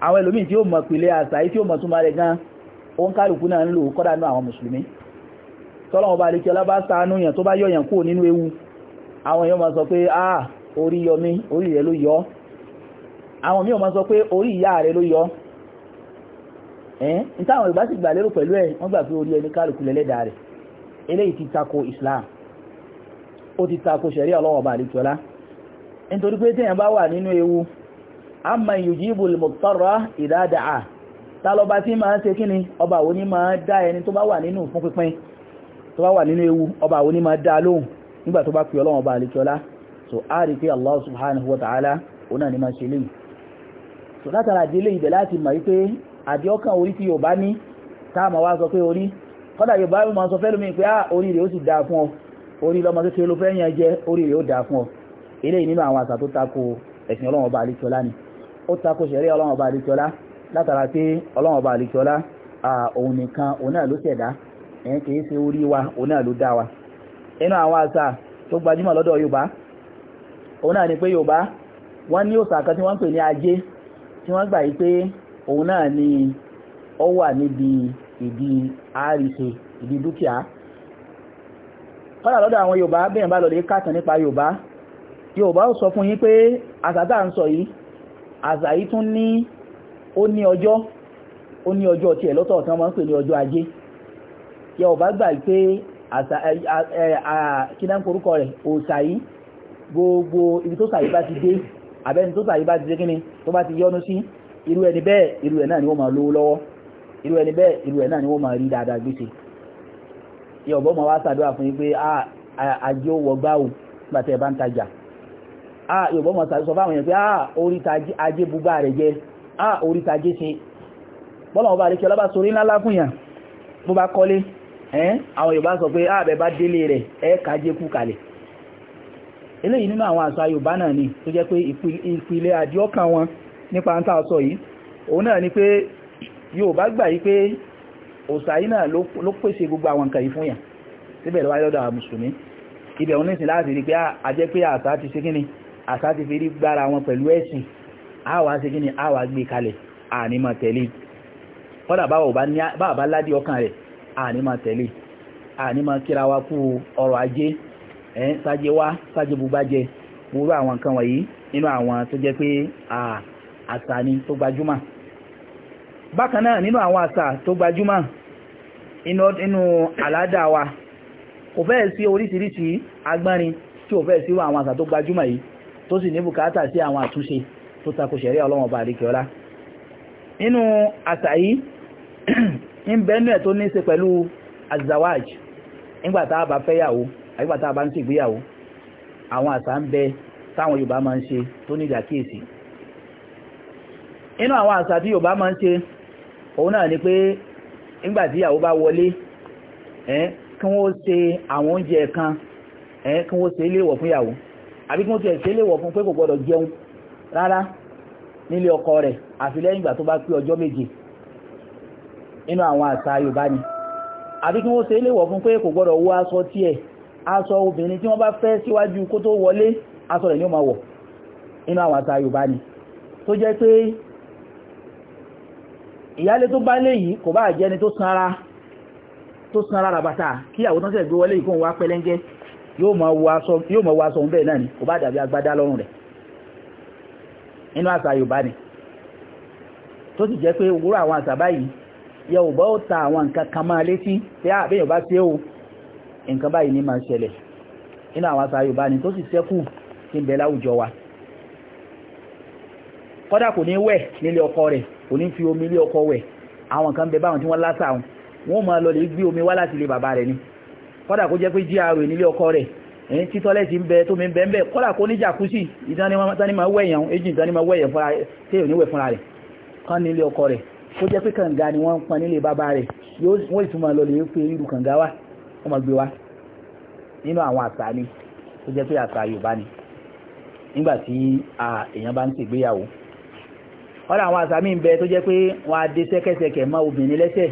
àwọn ẹlòmíì tí ó mọ̀ pìlẹ̀ àṣà yìí tí ó mọ̀ súnmọ́ rẹ̀ gan òǹkálùkù náà ń lò kọ́dà náà àwọn mùsùlùmí tọ́lọ́wọ́n bá lè kí ọlá bá ṣàánú yàn tó bá ẹ́n ní táwọn Yorùbá sì gbà lérò pẹ̀lú ẹ̀ wọ́n gbà pé orí ẹni kálukú lẹ́lẹ́dàá rẹ̀ eléyìí ti tako Islam ó ti tako ṣẹ̀rí ọlọ́wọ̀ba àdìtọ́lá nítorí pé téèyàn bá wà nínú ewu amma yujibu al-muttarra idha da'a tálọ́ba tí máa ń ṣe kíni ọba àwọn ní máa dá ẹni tó bá wà nínú fún pínpín tó bá wà nínú ewu ọba a rí pé Allah subhanahu àbí ọkàn orí tí Yorùbá ní táàmà wá sọ pé orí kọ́dà Yorùbá ló máa sọ fẹ́ lómi pé ah, orí rẹ̀ ó sì dáa fún ọ orí lọ́mọ tó ṣe ló fẹ́ jẹ́ orí rẹ̀ ó dáa fún ọ eléyìí nínú àwọn àṣà tó tako ẹ̀sìn Ọlọ́run ọba àlekíọlá ni ó tako ṣẹ̀rí Ọlọ́run ọba àlekíọlá látara pé Ọlọ́run ọba àlekíọlá òun nìkan òun náà ló ṣẹ̀dá ẹ̀yìn kìí ṣe orí wa òun náà ló dá wa inú àwọn àṣà tó gbajúmọ̀ lọ́dọ̀ Yorùbá òun náà ni pé Yorùbá wọ́n ní òṣà kan tí wọ́n ń pè ní ajé tí wọ́n gbà yí pé òun náà ni ó wà níbi ìdí àríṣe ìdí dúkìá kọ́lá lọ́dọ̀ àwọn Yorùbá bẹ́ẹ̀ bá lọ́dẹ̀ kàtàn nípa Yorùbá Yorùbá ó sọ fún yín pé àsàdá ń sọ yìí àsà yìí tún ní ó ní ọjọ́ ó ní ọjọ́ tiẹ̀ lọ́tọ̀ tán máa ń pè ní ọjọ́ ajé Yorùbá gbà pé àsà kí náà korúkọ rẹ̀ òòṣà yìí gbogbo ibi tó sàyí bá ti dé àbẹ́ni tó sàyí bá ti dé kíni tó bá ti yọnu sí irú ẹni bẹ́ẹ̀ irú ẹ̀ náà ni wọ́n máa lówó lọ́wọ́ irú ẹni bẹ́ẹ̀ irú ẹ̀ náà ni wọ́n máa rí dáadáa gbèsè yọ bọ́ ma wá sàdúrà fún yí pé ajé ó wọ gbáwò gbàtẹ̀ bá ń tajà yọ bọ́ ma sọ fáwọn èèyàn pé oríta ajé búgbà rẹ̀ jẹ́ oríta ajé ṣe bọ́lọ̀wọ́ bá rékẹ́ ọlọ́bá sorí ńlá fún yàn bó bá kọ́lé àwọn Yorùbá sọ pé ààbẹ̀ bá délé rẹ̀ ẹ kàájé kú kalẹ̀ eléyìí nínú àwọn àṣà Yorùbá náà ni tó jẹ́ pé ìpìlẹ̀ àdíọ́kàn wọn nípa ń tàà sọ yìí òun náà ni pé yóò bá gbà yí pé òsà yìí náà ló pèsè gbogbo àwọn nǹkan yìí fún yàn síbẹ̀ lọ́wọ́ lọ́dọ̀ àwọn mùsùlùmí ibẹ̀ òun nísìn láti rí pé àjẹ́ ah, pé àṣà ti ṣe kíni àṣà ti fi rí gbára wọn pẹ̀lú ẹ̀sìn àwa ṣe kíni àwa gbé kalẹ̀ ànímọ̀ tẹ̀lé kọ́dà báwa bá ládìí ọkàn rẹ̀ ànímọ̀ tẹ̀lé ànímọ̀ kíra wa kú ọrọ̀ ajé ẹ̀ sájẹ wá sájẹ bubájẹ gbogbo àwọn nǹkan wọ̀nyí nínú àwọn tó jẹ́ pé àṣà ni tó gbajúmọ̀ bákan náà nínú àwọn àṣà tó gbajúmọ̀ inú àládà wa kò fẹ́ sí oríṣiríṣi agbárin tí ò fẹ́ sí àwọn àṣà tó gbajúmọ̀ yìí tó sì ní bùkátà sí àwọn àtúnṣe tó tako ṣẹ̀rí ọlọ́wọ̀n bá àríkẹ́ ọlá nínú àṣà yìí ń bẹ́ẹ̀nú ẹ̀ tó ní ṣe pẹ̀lú azawaj nígbàtá bá fẹ́yàwó àgbàtá bá ń ṣègbéyàwó àwọn àṣà ń bẹ táwọn Yorùbá máa ń ṣe tó ní ìdàkíyèsí inú àwọn àṣà tí Yorùbá máa ń ṣe òun náà ni pé nígbà tí ìyàwó bá wọlé kí wọ́n ṣe àwọn oúnjẹ kan kí wọ́n ṣe léèwọ̀ fún ìyàwó àbí kí wọ́n ṣe léèwọ̀ fún pé kò gbọ́dọ̀ jẹun rárá nílé ọkọ rẹ̀ àfi lẹ́yìn ìgbà tó bá pé ọjọ́ méje inú àwọn àṣà Yorùbá ni àbí kí wọ́n ṣe léèwọ̀ fún pé kò gbọ́dọ̀ wọ aṣọ tiẹ̀ aṣọ obìnrin tí wọ́n bá fẹ́ síwájú kó tó wọlé aṣọ rẹ̀ ni ó máa wọ̀ inú àwọn àṣà Yorùbá ni tó jẹ́ pé ìyálé tó bá lé yìí kò bá jẹ́ni tó sanra tó sanra rabata kí àwọn tánṣẹ́ gbé wọlé ìkóhun wá pẹ́lẹ́ngẹ́ yóò mọ̀ wá sọ bẹ́ẹ̀ náà ni kò bá dàbí agbádá lọ́rùn rẹ̀ inú àṣà Yorùbá ni tó sì jẹ́ pé òwúrọ̀ àwọn àṣà báyìí Yorùbá ó ta àwọn nǹkan kan máa létí pé àbẹ́yàn ah, bá ṣe o nǹkan báyìí ní máa ṣẹlẹ̀ inú àwọn àṣà Yorùbá ni tó sì ṣẹ́kù tí ń bẹ láwùjọ wa kódà kò ní wẹ̀ nílé ọkọ rẹ̀ kò ní fi omi ilé ọkọ wẹ̀ àwọn kan bẹ báwọn tí wọ́n lásà wọn wọ́n máa lọ lè gbé omi wá láti ilé bàbá rẹ̀ ni kódà kó jẹ́ pé gra nílé ọkọ rẹ̀ ẹ̀yìn tí tọ́lẹ̀tì ń bẹ tó mi bẹ ń bẹ kódà kó ní jàkúsì ìdánimá wẹ̀yàn èjì ìdánimá wẹ̀yàn fúnra tẹ́yàn níwẹ̀ fúnra rẹ̀ kan nílé ọkọ rẹ̀ kó jẹ́ pé kànga ni wọ́n ń pọn nílé bàbá rẹ̀ wọ́n ìtumọ̀ lọ lè pe irú kànga wá wọ́n máa gbé wá nínú àwọn àṣà ni tó jẹ́ pé àṣà Yorùbá ni nígbà tí èèyàn bá ń ṣègbéyàwó kọ́dà àwọn àṣà míì ń bẹ tó jẹ́ pé wọ́n á dé sẹ́kẹsẹkẹ mọ́ obìnrin lẹ́sẹ̀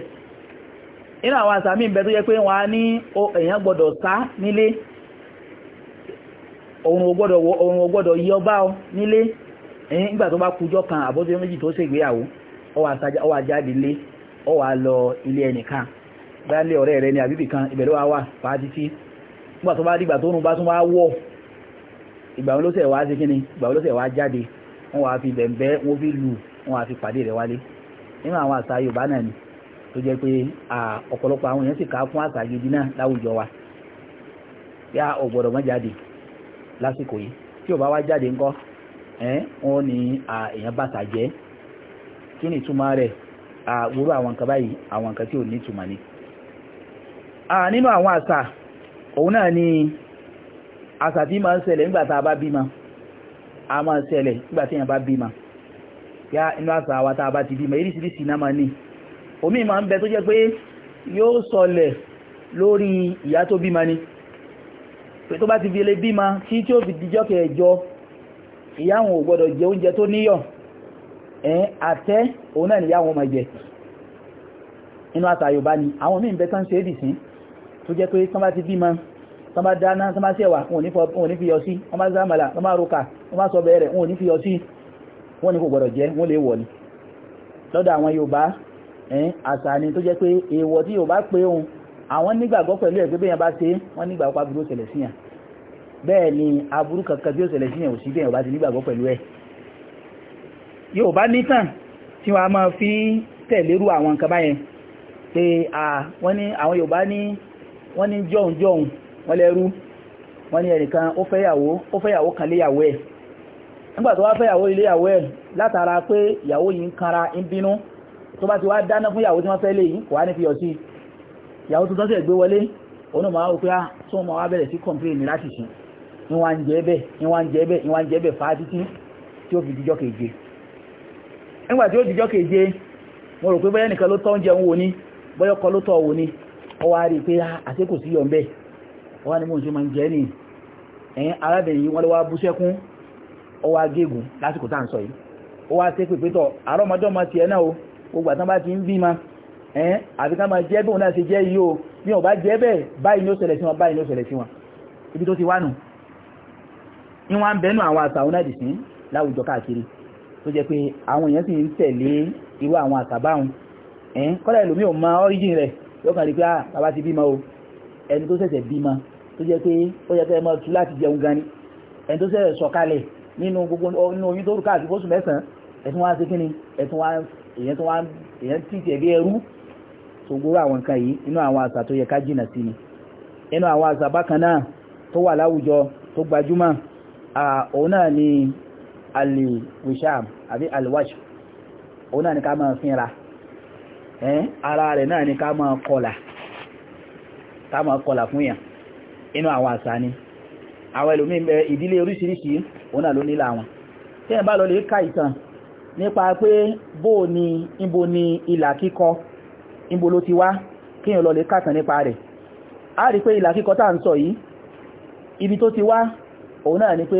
nínú àwọn àṣà míì ń bẹ tó jẹ́ pé wọ́n á ní èèyàn gbọ́dọ̀ sá nílé òun ò gbọ́dọ̀ yí ọba ọ nílé ẹ̀yìn ìgbà tó bá kújọ́ kan àbọ́dé méjì tó ṣe ìgbéyàwó ó wá jáde lé ó wá lọ ilé ẹnìkan báyálé ọ̀rẹ́ rẹ̀ ní àbíbì kan ìbẹ̀lẹ̀ wà wà fàájí nígbà tó bá dìgbà tó nù bá tún wá wọ̀ ìgbà wọn ló ṣẹ̀ wá sí kíni ìgbà wọn ló ṣẹ̀ wá jáde wọn wá fi bẹ̀m̀bẹ́ wọn fi lù wọn àfi pàdé rẹ̀ wálé nínú àwọn àṣà yorùbá náà ni tó jẹ́ pé ọ̀pọ̀lọpọ̀ àwọn èèyàn sì ká fún àṣà gidi náà láwùjọ wa yá ọgbọdọ mọ́ jáde lásìkò yìí tí ò bá wá jáde ńkọ́ wọn èèyàn kí ni ìtumọ̀ rẹ̀ àwọn nǹkan báyìí àwọn nǹkan tí ò ní ni. ni àṣà tí máa ń ṣẹlẹ̀ nígbà tá a bá bímọ a yá inú àṣà àwa tá a bá ti bímọ eríṣiríṣi náà máa ní omi máa ń bẹ tó jẹ́ pé yóò sọlẹ̀ lórí ìyá tó bímọ ni pé tó bá ti fi lè bímọ tí tí ó fi dijọ́ kẹjọ ìyá àwọn ò gbọ́dọ̀ jẹ oúnjẹ tó níyọ̀ ẹ̀ẹ́n àtẹ́ òun náà nìyá àwọn ọmọ jẹ inú àṣà Yorùbá ni àwọn míì ń bẹ tán ṣe é dì sí tó jẹ́ pé tán bá ti bímọ tán bá dáná tán bá ṣẹ̀wà wọn ò ní fi yọ sí wọn bá zámàlà tán wọn bá sọ wọ́n ní kò gbọ́dọ̀ jẹ́ wọ́n lè wọ̀ ní lọ́dọ̀ àwọn Yorùbá àṣà ni tó jẹ́ pé èèwọ̀ tí Yorùbá pé òun àwọn nígbàgbọ́ pẹ̀lú ẹ̀ pé bẹ́ẹ̀ bá ṣe wọ́n nígbàgbọ́ pa ni aburú kankan bí ó ṣẹlẹ̀ síyàn ò sí bẹ́ẹ̀ bá ti nígbàgbọ́ pẹ̀lú ẹ̀ Yorùbá nítàn tí wọ́n a máa fi tẹ̀lérú àwọn nǹkan báyẹn pé wọ́n ní àwọn Yorùbá lẹ́rú wọ́n ní ẹnìkan ó fẹ́yàwó kan léyàwó ẹ̀ nígbà tó wá fẹ́ ìyàwó ilé ìyàwó ẹ̀ látara pé ìyàwó yìí ń kanra ń bínú tó bá ti wá dáná fún ìyàwó tí wọ́n fẹ́ lè yìí kò wá ní fi ọtí ìyàwó tuntun sì gbé wọlé òun náà máa wò pé á tó wọn wá bẹ̀rẹ̀ sí kọ̀m̀pìlì ní láti sùn ní wọ́n ń jẹ́ bẹ́ẹ̀ ní wọ́n ń jẹ́ bẹ́ẹ̀ ní wọ́n ń jẹ́ bẹ́ẹ̀ fàá títí tí ó fi dijọ́ keje nígbà tí ó dijọ́ keje mo rò pé bóyá nìkan ló tọ́ ó wá gégùn lásìkò tá à ń sọ yìí ó wá ṣe pèpè tọ̀ àárọ̀ ọmọdé ọmọ o gbogbo àtàn ti ń bí ma ẹ̀ẹ́n àfi ká máa jẹ́ bóun náà ṣe jẹ́ yìí o bí wọn bá jẹ́ bẹ́ẹ̀ báyìí ló ṣẹlẹ̀ sí wọn báyìí ló ṣẹlẹ̀ sí wọn ibi tó ti wá nù ní wọn ń bẹnu àwọn àṣà òun náà dì sí láwùjọ káàkiri tó jẹ́ pé àwọn èèyàn sì ń tẹ̀lé irú àwọn àṣà báwọn ẹ̀ẹ́n kọ́lá ẹlòmíì ò ah, tó jẹ́ pé ó yẹ kẹ́ ẹ mọ́ tu láti jẹun gan ni ẹni tó ṣẹ̀ṣẹ̀ sọ̀kalẹ̀ nínú gbogbo nínú oyún tó rú káàkiri fóṣù mẹ́sàn-án ẹ̀tún wá sí kíni ẹ̀tún wá èyàn tó wá èyàn tí tẹ̀bí ẹrú tó gbóró àwọn nǹkan yìí inú àwọn àṣà tó yẹ ká jìnà sí ni inú àwọn àṣà bákan náà tó wà láwùjọ tó gbajúmọ̀ òun náà ni aliwisham àbí aliwash òun náà ni ká máa fínra ara rẹ̀ náà ni ká máa kọlà ká máa kọlà fún yàn inú àwọn àṣà ni àwọn ẹlòmíín bẹ ìdílé oríṣiríṣi òun náà ló nílà wọn tí ẹ̀ bá lọ lè ka ìtàn nípa pé bó ní ibo ni ìlà kíkọ ibo ti wá kí èèyàn lọ lè kàtàn nípa rẹ̀ a rí pé ìlà kíkọ sọ yìí ibi tó ti wá òun náà ni pé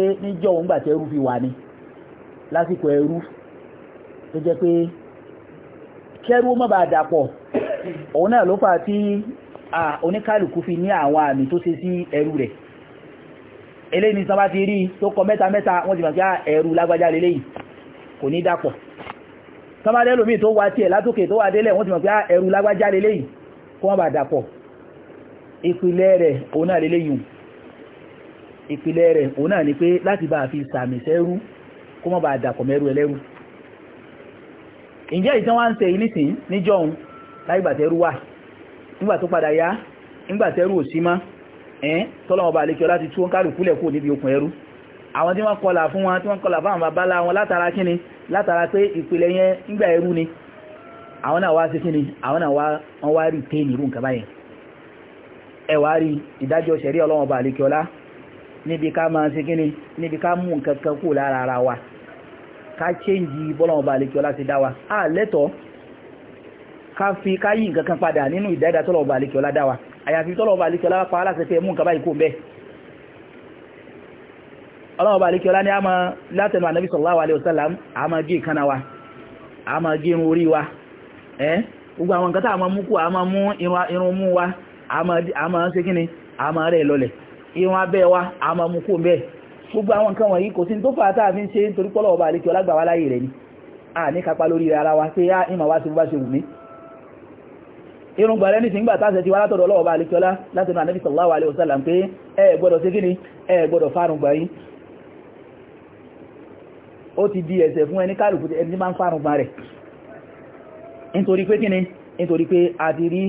òun fi wà lásìkò ẹrú tó jẹ́ pé kẹrú mọ́ bá dàpọ̀ òun náà ló fà tí fi ní àwọn àmì tó eléyìí ní sábà ti rí tó kọ mẹ́ta mẹ́ta wọ́n ti mọ̀ sí ah, ẹ̀rù lágbájá lélẹ́yìí kò ní dàpọ̀ sábà lẹ́lòmíì tó wá tiẹ̀ látòkè tó wá délẹ̀ wọ́n ti mọ̀ sí ah, ẹ̀rù lágbájá lélẹ́yìí kó wọ́n bá dàpọ̀ ìpìlẹ̀ rẹ̀ òun náà lélẹ́yìí ìpìlẹ̀ rẹ̀ òun náà ni pé láti bá fi sàmì sẹ́rú kó mọ́ bá dàpọ̀ mẹ́rú ẹlẹ́rú ìjẹ́ ìtàn wá ń ṣe nísìn níjọ́un láìgbàtẹ́rú wà ẹ́n tọ́lọ́wọ́ bá lékẹ́ láti tún kálùkúlẹ̀ kò níbi okùn ẹrú àwọn tí wọ́n kọlà fún wọn tí wọ́n kọlà fáwọn babalá wọn látara kíni látara pé ìpìlẹ̀ yẹn ńgbà ẹrú ni àwọn náà wá sí kíni àwọn náà wọ́n wá rí téèni irú nǹkan báyẹn ẹ wá rí ìdájọ́ ṣẹ̀rí ọlọ́wọ́ bá lékẹ́ ọlá níbi ká máa sí kíni níbi ká mú nǹkan kan kú lára ara wa ká chéǹjì bọ́lọ́wọ́ bá lékẹ́ ọlá ti dá wa á lẹ́tọ̀ọ́ ká fi ká yí nǹkan kan padà nínú ìdẹ́dà tọ́lọ́wọ́ bá lékẹ́ ọlá dá wa àyàfi tọ́lọ̀ọba alikiola pa aláṣẹ pé mú nǹkan báyìí kó bẹ́ ọlọ́ọba alikiola ní a ma látẹnu ànábì sallallahu alaihi wasallam a ma gé ìkánná wa a ma gé irun orí wa ẹ́ gbogbo àwọn nǹkan tá a ma mú kú a ma mú irun mú wa a ma ṣe kíni a ma rẹ̀ lọlẹ̀ irun abẹ́ wa a ma mú kú ni wa pé irun gbàrẹ́ ní ṣìngbà tàṣẹ ti wá látọ̀dọ̀ ọlọ́wọ́ bá alékiọlá láti náà nẹ́bí sallallahu alaihi wasallam pé ẹ gbọ́dọ̀ sí kíni ẹ gbọ́dọ̀ fárun gbà yí ó ti di ẹ̀ṣẹ̀ fún ẹni kálùkù ẹni máa ń fárun rẹ̀ a ti rí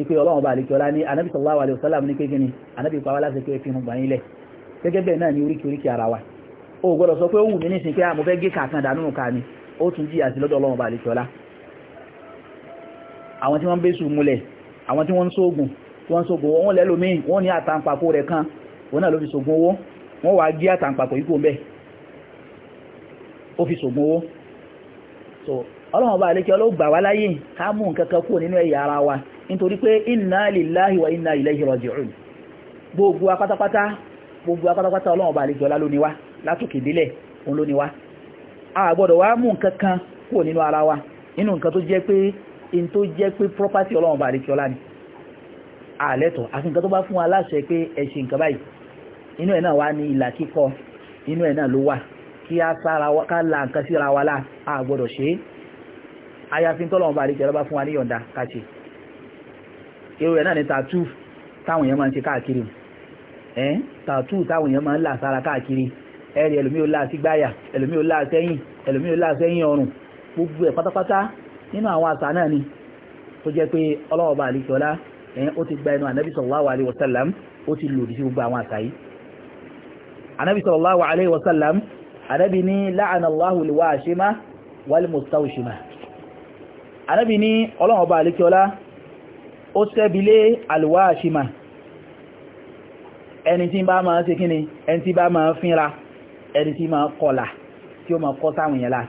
ìpé ọlọ́wọ́ bá alékiọlá ní anẹ́bí sallallahu alaihi wasallam ní pé kíni anẹ́bí pa wá láti pé fi hùn gbà yín lẹ̀ gẹ́gẹ́ bẹ́ẹ̀ náà ni oríkì oríkì ara wa o gbọ́dọ̀ sọ pé ó wù mí nísìn pé mo fẹ́ gé kàkan dànù kà ni ó tún jí àti lọ́dọ̀ ọlọ́wọ́ bá alékiọlá àwọn tí wọ́n ń bẹ́sù múlẹ̀ àwọn tí wọ́n ń sóògùn wọ́n ń sóògùn wọ́n lẹ́lòmíì wọ́n ní àtàǹpàkò rẹ̀ kan òun náà ló fi sògùn owó wọ́n wá gé àtàǹpàkò yìí mbẹ́ ó fi sògùn owó so ọlọ́run ọba àlékẹ́ ló gbà wá láyé ká mú nǹkan kan kúrò nínú ẹ̀yà ara wa nítorí pé inna lillahi wa inna ilayhi raji'un gbogbo apátápátá gbogbo apátápátá ọlọ́run ọba àlékẹ́ ọlá lóní wá látòkè délẹ̀ òun lóní wá a gbọ́dọ̀ mú nǹkan kan nínú ara wa nínú nǹkan tó jẹ́ pé in tó jẹ́ pé property ọlọ́run bá àríkí ọlá ni àlẹ́tọ̀ àfi nǹkan tó bá fún wa láṣẹ pé ẹ ṣe nǹkan báyìí inú ẹ̀ náà wá ní ìlà kíkọ inú ẹ̀ náà ló wà kí a sára wa ká la nǹkan síra wa lá a gbọ́dọ̀ ṣe é àyàfi tọ́lọ́run bá àríkí ọlá bá fún wa ní yọ̀ǹda ká ṣe èrò ẹ̀ náà ni tàtú táwọn èèyàn máa ń ṣe káàkiri ẹ̀ tàtú táwọn èèyàn máa ń là sára káàkiri ẹ̀rì ẹlòmíì ó gbáyà ẹlòmíì ó lá sẹ́yìn ẹlòmíì ó ọrùn gbogbo ẹ̀ pátápátá nínú àwọn àṣà náà ni tó jẹ́ pé ọlọ́ọ̀bà àlìkọ́lá ẹ̀yìn ó ti gba ẹnu ànábì sallallahu alaihi wasallam ó ti lòdì sí gbogbo àwọn àṣà yìí ànábì sallallahu alaihi wasallam ànábì ní la'ana Allahu al-washima wal-mustawshima ànábì ní ọlọ́ọ̀bà àlìkọ́lá ó tẹ́bilé al-washima ẹni tí bá máa ṣe kíni ẹni tí bá máa fínra ẹni tí máa kọlà tí ó máa kọ́ sáwọn yẹn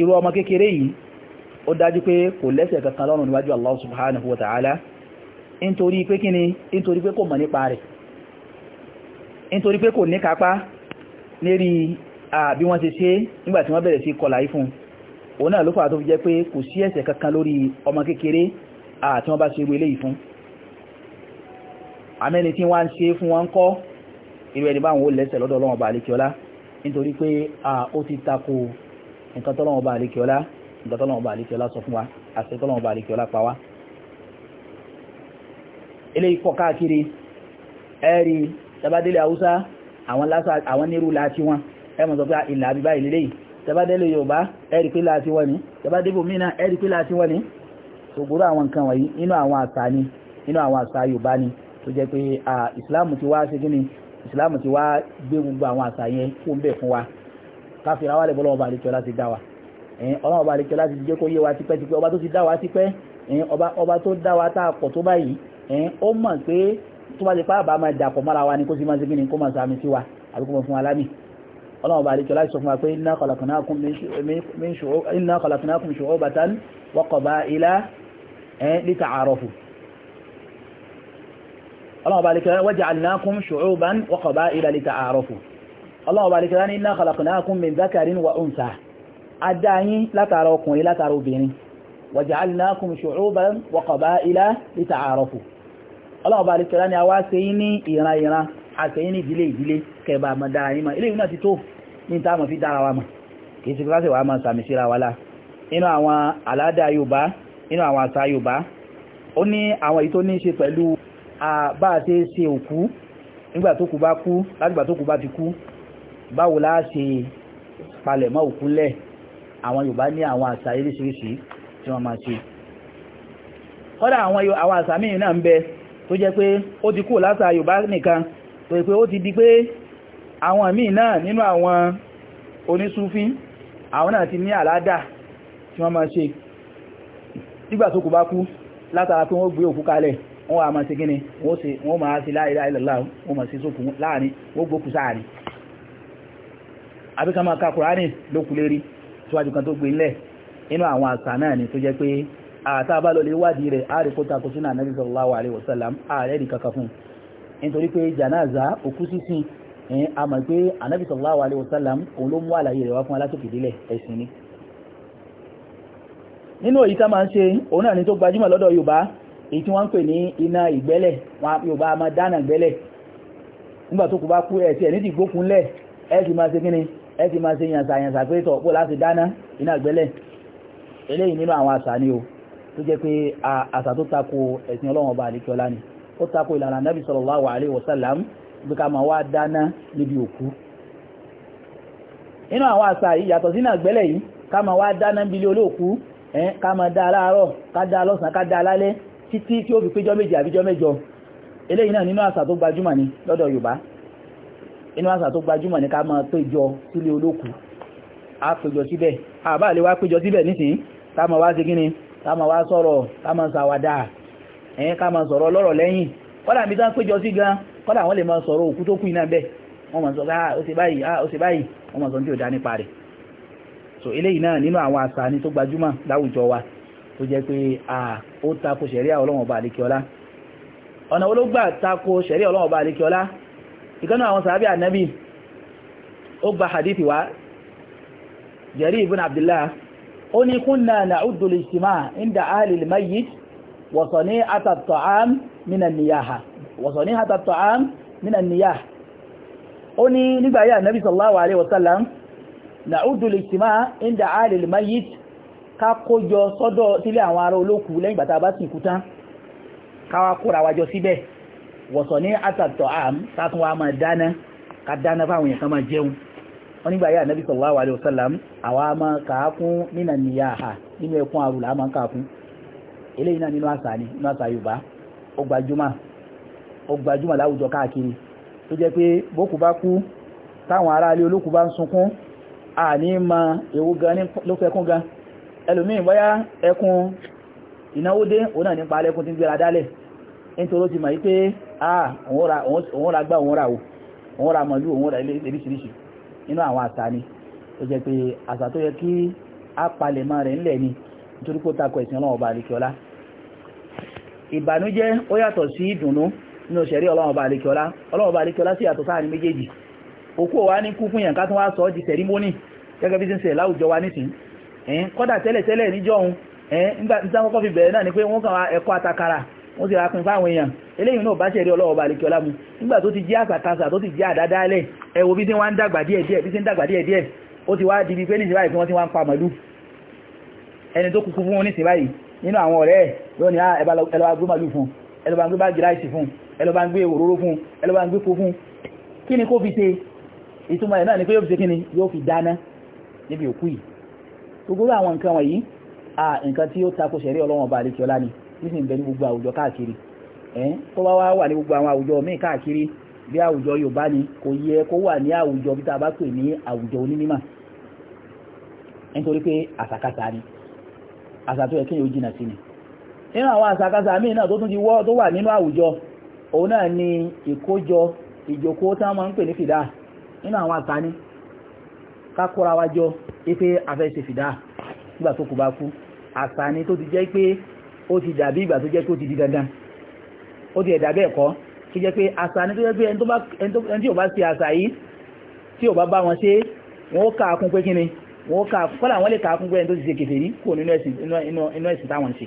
irú ọmọ kékeré yìí ó dájú pé kò lẹ́sẹ̀ kankan lọ́rùn níwájú Allah subhanahu wa ta'ala nítorí pé kí ni nítorí pé kò mọ̀ nípa rẹ̀ nítorí pé kò ní kápá lérí àbí wọ́n ṣe ṣe nígbàtí wọ́n bẹ̀rẹ̀ sí kọlà ìfún òun náà ló fà tó fi jẹ́ pé kò sí ẹ̀ṣẹ̀ kankan lórí ọmọ kékeré àti wọ́n bá ṣe irú ó ti tako nǹkan tọ́lọ́wọ́n bá àlékè ọlá nǹkan tọ́lọ́wọ́n bá àlékè ọlá sọ fún wa àti tọ́lọ́wọ́n bá àlékè ọlá pa wá eléyìí pọ̀ káàkiri ẹ̀rí tabadélé haúsá àwọn lásà àwọn nírú láti wọn ẹ mọ̀ sọ pé ìlà àbíbá ìlélẹ́yìí tabadélé yorùbá ẹ̀rí pé láti wọn ni tabadébò mìíràn ẹ̀rí pé láti wọn ni ṣògbóró àwọn nǹkan wọ̀nyí nínú àwọn àṣà ni nínú àwọn àṣà yorùbá ni tó jẹ́ pé ìsìláàmù ti wá ṣe kí ni ìsìláàmù ti wá gbé gbogbo àwọn àṣà yẹn kó ń fún wa káfíra wà lẹ́bọ́ lọ́wọ́ba àlekẹ́ láti dá wa ọlọ́wọ́ba àlekẹ́ láti jẹ́ kó yé wa tipẹ́ tipẹ́ ọba tó ti dá wa tipẹ́ ọba tó dá wa tá a pọ̀ tó báyìí ó mọ̀ pé tó bá ti pa àbá máa dàpọ̀ mọ́ra wa ni kó sì máa ṣe ni kó máa sàmì sí wa àbí kó máa fún wa lámì ọlọ́wọ́ba àlekẹ́ láti sọ fún wa pé inna khalaqnakum shu'uban wa qaba'ila lita'arafu ọlọ́wọ́ba àlekẹ́ waja'alnakum shu'uban wa qaba'ila lita'arafu Allah ọba alìkẹ́lá ní inna khalaqnakum min dhakarin wa untha adáyín látara ọkùnrin látara obìnrin wa ja'alnakum shu'uban wa qaba'ila lita'arafu Allah ọba alìkẹ́lá ní awá se yí ní ìran ìran àti yí ní ìdílé ìdílé kẹba mọ̀ dára ní ma ilé ìrìnà ti tó ní tá mọ̀ fi dára wa mọ̀ kìí ti kíláṣẹ̀ wa máa sàmì síra wa lá inú àwọn aládà Yorùbá inú àwọn àṣà Yorùbá ó ní àwọn èyí ní ṣe pẹ̀lú bá a ṣe ṣe òkú nígbà tó kú bá kú látìgbà tó kú bá ti kú báwo la ṣe palẹ̀mọ́ òkú lẹ̀ àwọn Yorùbá ní àwọn àṣà oríṣiríṣi tí wọ́n máa ṣe kọ́dà àwọn àṣà míì náà ń bẹ tó jẹ́ pé ó ti kú láṣà Yorùbá nìkan tó jẹ́ pé ó ti di pé àwọn míì náà nínú àwọn onísúfí àwọn náà ti ní àládà tí wọ́n máa ṣe nígbà tó kù bá kú látara pé wọ́n gbé òkú kalẹ̀ wọ́n wà máa ṣe gíní wọ́n máa ṣe la ilaha illallah wọ́n máa ṣe sókù láàrin wọ́n gbókù sáàrin àbí ká máa ka kùránì lókùlérí síwájú kan tó gbé ńlẹ̀ inú àwọn àṣà náà ni tó jẹ́ pé àtàbálọ́lẹ̀ wádìí rẹ̀ àríkóta kò sínú ànábì sallallahu alaihi wasallam ààrẹ rí kankan fún nítorí pé jànáàzá òkú sísìn a mọ̀ pé ànábì sallallahu alaihi wasallam òun ló mú àlàyé rẹ̀ wá fún alátòkèdélẹ̀ ẹ̀sìn ni ni tó gbajúmọ̀ lọ́dọ̀ Yorùbá èyí tí wọ́n ń pè ní iná ìgbẹ́lẹ̀ Yorùbá a máa dáná ìgbẹ́lẹ̀ nígbà tó kù bá kú ẹ̀ ẹ̀ ní ti gbókunlẹ̀ ẹ̀ máa ṣe kíni ẹ ti máa ṣe yànsà yànsà pé tọ̀ pọ̀ láti dáná iná gbẹ́lẹ̀ eléyìí nínú àwọn àṣà ni o tó jẹ́ pé àṣà tó tako ẹ̀sìn ọlọ́run ọba àdékọ́lá ni ó tako ìlànà anábì sallallahu alaihi wasallam bí ká máa wá dáná níbi òkú inú àwọn àṣà yìí yàtọ̀ sínú àgbẹ́lẹ̀ yìí ká máa wá dáná níbi ilé olóòkú ká máa dá aláàárọ̀ ká dá lọ́sàn ká dá alálẹ́ títí tí ó fi péjọ méje àbíjọ mẹ́jọ eléyìí náà nínú àṣà tó gbajúmọ̀ ni lọ́dọ̀ Yorùbá inú àṣà tó gbajúmọ̀ ní ká máa péjọ sílé olókù a péjọ síbẹ̀ àbá lè wá péjọ síbẹ̀ nísìn ká máa wá ṣe gíní ká máa wá sọ̀rọ̀ ká máa ṣàwàdà ẹ̀yìn ká máa sọ̀rọ̀ lọ́rọ̀ lẹ́yìn kọ́dà mi tán péjọ sí gan kọ́dà wọ́n lè máa sọ̀rọ̀ òkú tó kú iná bẹ́ẹ̀ wọ́n máa sọ ah, ó ṣe báyìí ah, ó ṣe báyìí wọ́n máa sọ so eléyìí náà nínú àwọn àṣà ni tó gbajúmọ̀ láwùjọ wa tó jẹ́ pé ó tako ṣẹ̀ríà ọlọ́wọ̀n ọba àlekíọlá ọ̀nà olóògbà tako ṣẹ̀ríà ìkánú àwọn sàábí ànábì ó gba hadithi wá Jarir ibn Abdullah ó ní kunna na'uddu al-ijtima' inda ahli al-mayyit wa sani'at at-ta'am min an-niyaha wa sani'at at-ta'am min inda ahli al-mayyit ká kójọ sọ́dọ̀ sílé àwọn ará olókù wájọ síbẹ̀ wọ̀sọ̀ ní àtàtọ̀ àm tátún wa máa dáná ká dáná fáwọn èèyàn kan máa jẹun wọ́n nígbà yà nàbí sallallahu alaihi wasallam àwa máa kàá fún nínà níyà ha nínú ẹkún àrùlà máa kàá fún eléyìí náà nínú àṣà ni nínú àṣà Yorùbá ó gbajúmọ̀ ó gbajúmọ̀ láwùjọ káàkiri tó jẹ́ pé bókù bá kú táwọn aráalé olókù bá ń sunkún àní ma ewu gan ló fẹ́kún gan ẹlòmíì bóyá ẹkún ìnáwó dé òun náà nípa alẹ́kún ti ń gbéra dálẹ̀ nítorí ó ti mọ̀ yí pé ah, òun ra òun ra o òun ra mọ̀lú òun ra ilé oríṣiríṣi nínú àwọn ni ó jẹ́ pé àṣà tó yẹ kí á palẹ̀ ni nítorí kó takọ ẹ̀sìn ọlọ́run ọba àlekíọ́lá ìbànújẹ́ ó yàtọ̀ sí ìdùnnú nínú ṣẹ̀rí ọlọ́run ọba àlekíọ́lá ọlọ́run ọba àlekíọ́lá sì yàtọ̀ wa di wọ́n sì rápin fáwọn èèyàn eléyìn náà bá ṣẹ̀rí ọlọ́wọ́ bá lèkẹ́ ọlámù nígbà tó ti jẹ́ àgbàtasà tó ti jẹ́ àdádálẹ̀ ẹ wò bí tí wọ́n ń dàgbà díẹ̀díẹ̀ bí tí ń dàgbà díẹ̀díẹ̀ ó ti wá di bí pé nísìn báyìí wọ́n ti wá ń pa màlúù ẹni tó kúkú fún nísìn báyìí nínú àwọn ọ̀rẹ́ ẹ̀ lónìí ẹlọ́bà gbé màlúù fún ẹlọ́bà gbé báàgì ráìsì fún ẹlọ́bà gbé òróró ni sísì ń bẹ ní gbogbo àwùjọ káàkiri ẹ̀ tó bá wá wà ní gbogbo àwọn àwùjọ míì káàkiri bí àwùjọ Yorùbá ni kò yẹ kó wà ní àwùjọ bí tá a bá pè ní àwùjọ onímímà nítorí pé àṣàkáṣà ni àṣà tó yẹ kéèyàn ó jìnà sí ni nínú àwọn àṣàkáṣà míì náà tó tún ti wọ́ tó wà nínú àwùjọ òun náà ni ìkójọ ìjókòó tí wọ́n máa ń pè ní fìdá nínú àwọn àṣà ni ká kóra wájọ pé a fẹ́ ṣe fìdá nígbà tó kù bá kú àṣà ni tó ti jẹ́ pé ó ti dàbí ìgbà tó jẹ́ pé ó ti di dandan ó ti ẹ̀dà bẹ́ẹ̀ kọ́ tó jẹ́ pé àṣà ní tó jẹ́ pé ẹni tí ò bá ṣe àṣà yìí tí ò bá bá wọn ṣe wọn ó kà á kún pé kí ni wọn ó kà á kọ́lá wọn lè kà á kún pé ẹni tó ti ṣe kèfèrí kò nínú ẹ̀sìn inú táwọn ṣe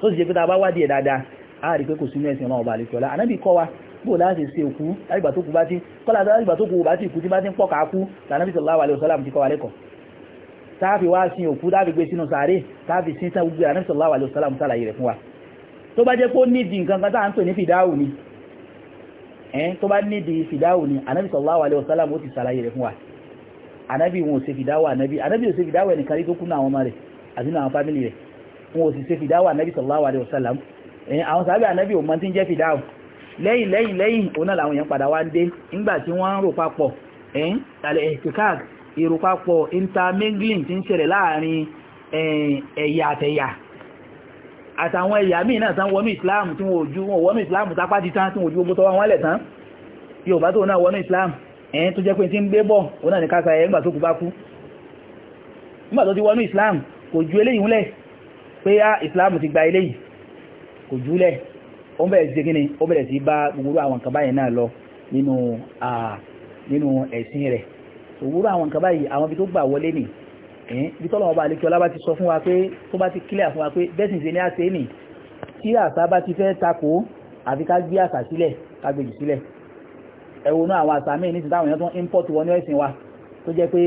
tó sì jẹ́ pé tá a bá wádìí ẹ̀ dáadáa a rí pé kò sínú ẹ̀sìn ọmọ ọba àlejò ọ̀la ànábì kọ́ wa bó láti ṣe òkú láti ìgbà tó kú bá ti kọ́lá láti ìgbà tó kú bá ti kú tí bá ti ń pọ̀ kà kú lànà táàfi wá sí òkú dáàfi gbé sínú sàárè táàfi sí sán gbogbo ànábì sallallahu alaihi wasallam sàlàyé rẹ̀ fún wa tó bá jẹ́ kó nídi nǹkan kan ń pè ní fìdáhù ni ẹ́n tó bá nídi fìdáhù ni ànábì sallallahu alaihi wasallam ó ti sàlàyé rẹ̀ fún wa ànábì wọn ò ṣe fìdáhù ànábì ànábì ò ṣe fìdáhù ẹnìkan rí tó kú náà àwọn ọmọ rẹ̀ àti náà àwọn fámìlì rẹ̀ wọn ò sì ṣe fìdáhù ànábì sallallahu alaihi lẹ́yìn lẹ́yìn lẹ́yìn òun náà làwọn èèyàn padà wá ń dé nígbà tí wọ́n ń rò papọ̀ ẹ̀yìn tàlẹ̀ ẹ̀kíkáàkì ìrùpapọ̀ intermingling ti ń ṣẹlẹ̀ láàrin eh, ẹ̀yà àtẹ̀yà àtàwọn ẹ̀yà míì náà tán wọnú islam tí wọ́n ojú islam tápá ti tán tí wọ́n ojú gbogbo tọwọ́ wọn lẹ̀ tán yorùbá tó náà wọnú islam ẹ̀yìn tó jẹ́ pé tí ń gbé bọ̀ òun náà ní kásá ẹ̀ islam kò ju eléyìí islam ti gba eléyìí kò ju lẹ̀ ó bẹ̀rẹ̀ sí kíni ó bẹ̀rẹ̀ sí bá gbogbo àwọn òwúrọ̀ àwọn nǹkan báyìí àwọn ibi tó gbà wọlé nì ẹ̀yìn bí tọ́lọ̀wọ́ bá lékẹ́ bá ti sọ fún wa pé tó bá ti kílẹ̀ fún wa pé bẹ́sìn ṣe ní àṣẹ nì tí àṣà bá ti fẹ́ takò àfi ká gbé àṣà sílẹ̀ ká gbèjì sílẹ̀ ẹ̀wọ̀n náà àwọn àṣà míì nísìnyí èèyàn tó ń import wọnú ẹ̀sìn wa tó jẹ́ pé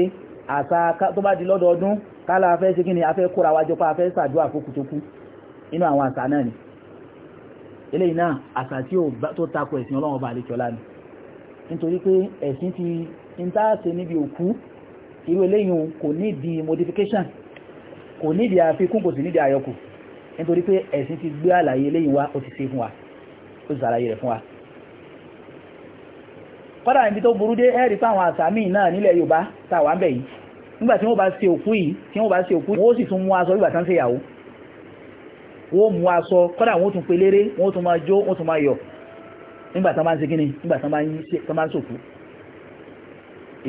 àṣà tó bá di lọ́dọọdún kálá afẹ́ ṣe kí ni afẹ́ kóra wájọ pa afẹ́ ṣàdúrà fókù tó kú inú àwọn àṣà náà ni eléyìí náà àṣà tí ó takò ẹ̀sìn ọlọ́run ọba àlekíọ́lá ni nítorí pé ẹ̀sìn ti ní tá a ṣe níbi òkú irú eléyìn kò nídi modification kò nídi àfikún kò sì nídi àyọkù nítorí pé ẹ̀sìn ti gbé àlàyé eléyìn wá ó ti ṣe fún wa ó ti ṣàlàyé rẹ̀ fún wa kọ́dà ibi tó burú dé ẹ́rì fáwọn àsàmì náà nílẹ̀ Yorùbá tá wà ń bẹ̀ yìí nígbà tí wọ́n bá ṣe òkú yìí tí wọ́n bá ṣe òkú yìí wọ́n sì tún mú aṣọ nígbà tán ṣe ìyàwó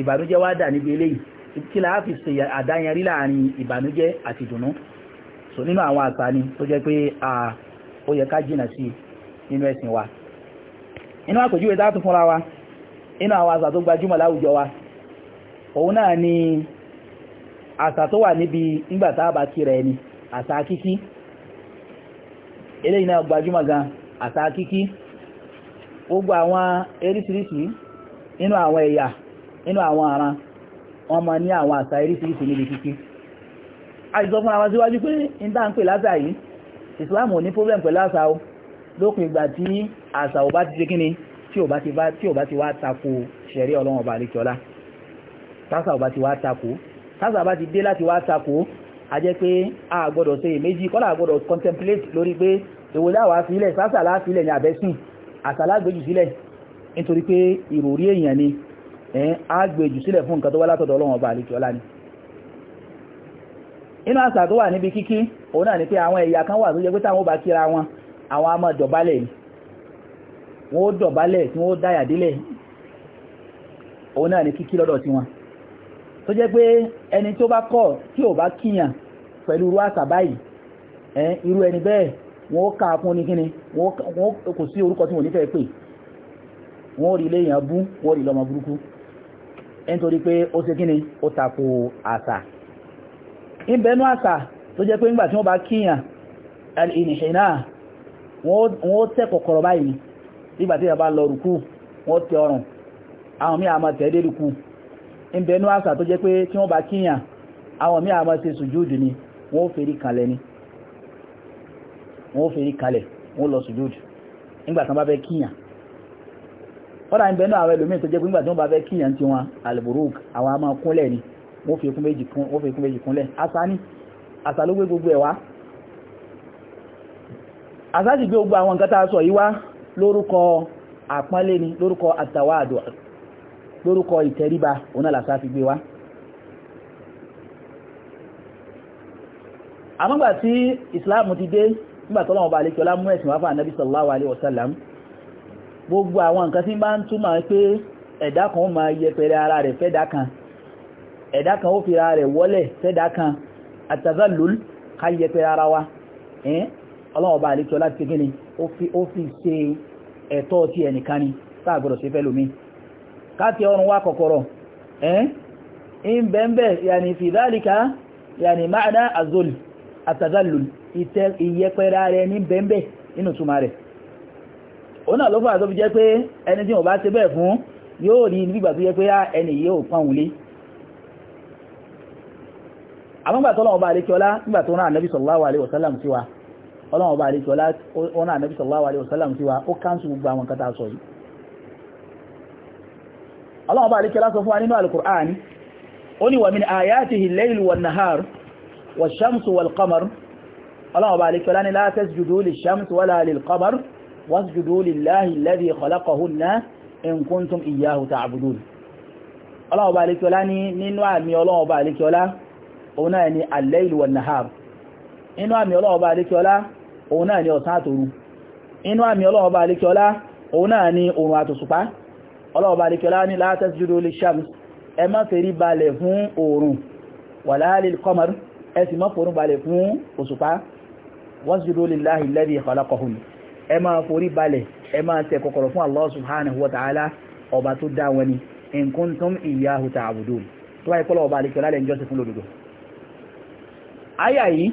ìbànújẹ́ wá dà níbi eléyìí kí la fi ṣe àdáyanrí láàrin ìbànújẹ́ àti ìdùnnú so nínú àwọn àṣà tó jẹ́ pé ó yẹ ká jìnà sí nínú ẹ̀sìn wa inú àpèjúwe tá tún fúnra wa inú àwọn àṣà tó gbajúmọ̀ láwùjọ wa òun náà ni àṣà tó wà níbi a kí rẹ̀ ni àṣà kíkí eléyìí náà gbajúmọ̀ gan àṣà kíkí gbogbo àwọn nínú àwọn ara wọ́n ma ní àwọn àṣà irísìírísì níbi kíkí àìsọ fún àwọn síwájú pé ń ń pè láṣà yìí Islam ní problem pẹ̀lú àṣà o lópin ìgbà tí àṣà ò bá ti ṣe kí ni tí ò bá ti wá tako ṣẹ̀rí ọlọ́wọ̀n ọba àlekíọ́lá tásà ò bá ti wá tako tásà bá ti dé láti wá tako a jẹ́ pé a gbọ́dọ̀ ṣe èméjì kọ́lá gbọ́dọ̀ contemplate lórí pé èwo láwàá sílẹ̀ sásà láà sílẹ̀ ní àbẹ́sìn àṣà lágbèjì sílẹ̀ nítorí pé á gbé jù sílẹ̀ fún nǹkan tó wá látọ̀dọ̀ ọlọ́run ọba àlejò ọlá ni inú àṣà tó wà níbi kíkí òun náà ni pé àwọn ẹ̀yà kan wà tó jẹ́ pé táwọn bá kíra wọn àwọn á dọ̀bálẹ̀ ni wọ́n ó dọ̀bálẹ̀ tí wọ́n dáyà délẹ̀ náà ni kíkí lọ́dọ̀ tó jẹ́ pé ẹni tó bá kọ̀ tí ò bá kíyàn pẹ̀lú irú àṣà báyìí irú ẹni bẹ́ẹ̀ ó fún kíni kò sí orúkọ tí nítorí pé ó ṣe kíni ó tako àṣà ìbẹ̀nú àṣà tó jẹ́ pé nígbàtí wọ́n bá kíyàn al-inhina wọ́n tẹ́ kọ̀kọ̀rọ̀ báyìí nígbàtí ìyà lọ rùkú wọ́n tẹ ọrùn àwọn míì àmà tẹ́ẹ̀dẹ́ rùkú ìbẹ̀nú àṣà tó jẹ́ pé tí wọ́n bá kíyàn àwọn ṣe ni wọ́n fèrí kalẹ̀ ni wọ́n fèrí kalẹ̀ wọ́n lọ kọ́dà ń bẹnu àwọn ẹlòmíì tó jẹ́ pé nígbà tí wọ́n bá fẹ́ wọn àwọn a kúnlẹ̀ ni wọ́n fi kún méjì kúnlẹ̀ àṣà ni àṣà ló gbé gbogbo ẹ̀ wá sì gbé gbogbo àwọn nǹkan tá a sọ yìí wá lórúkọ àpọ́nlé ni lórúkọ àtàwádù lórúkọ ìtẹríba òun náà làṣà fi gbé wá àmọ́gbà tí gbogbo àwọn nǹkan tí bá ń túmọ̀ pé ẹ̀dá kan ó máa yẹpẹrẹ ara rẹ̀ fẹ́dá kan ẹ̀dá kan ó fi ara rẹ̀ wọ́lẹ̀ fẹ́dá kan àtàzálùl ká yẹpẹrẹ ara wa ẹ́n ọlọ́ọ̀bá àlejò láti gíní ó fi ṣe ẹ̀tọ́ ti ẹnìkan ni sáàgbọ́dọ̀ ṣe fẹ́ lómi káàkiri ọrùn wá kọ̀kọ̀rọ̀ ẹ́n in bẹ́ẹ̀bẹ́ yàní fìdálìká yàní máàdá àzọlù àtàzálùl ìyẹpẹrẹ ara ẹni bẹ́ẹ̀bẹ́ inú túmọ̀ rẹ̀ òun náà ló fà tó fi jẹ́ pé ẹni tí wọ́n bá ṣe bẹ́ẹ̀ fún yóò rí nígbà tó jẹ́ pé ah, ẹni yìí ò pọ́n wulé àmọ́gbà tó lọ́wọ́ bá alẹ́ kíọ́lá nígbà tó rán ànábì sallallahu alaihi wasallam sí wa ọlọ́wọ́ bá alẹ́ kíọ́lá ó rán ànábì sallallahu alaihi wasallam sí wa ó káńsù gbogbo àwọn kátà sọ yìí ọlọ́wọ́ bá alẹ́ kíọ́lá sọ fún wa nínú min ayatihi al-layl wan-nahar wash-shamsu wal-qamar ọlọ́wọ́ bá la tasjudu lish-shamsi wala lil-qamar wasjudu lillahi alladhi khalaqahunna in kuntum iyyahu ta'budun ọlọ́wọ́ bá alékiọlá ní nínú àmì ọlọ́wọ́ bá alékiọlá òun náà ni al-layl wan-nahar inú àmì ọlọ́wọ́ bá alékiọlá òun náà ni ọ̀sán àtòru inú àmì ọlọ́wọ́ bá alékiọlá òun fún oòrùn wala lil-qamar ẹ sì má fòrún ẹ máa forí balẹ̀ ẹ máa tẹ fún Allah subhanahu wa ọba tó dá wọn ni in kuntum iyyahu tó ọba àlekẹ́ lálẹ́ ìjọsìn fún lòdòdó àyà yìí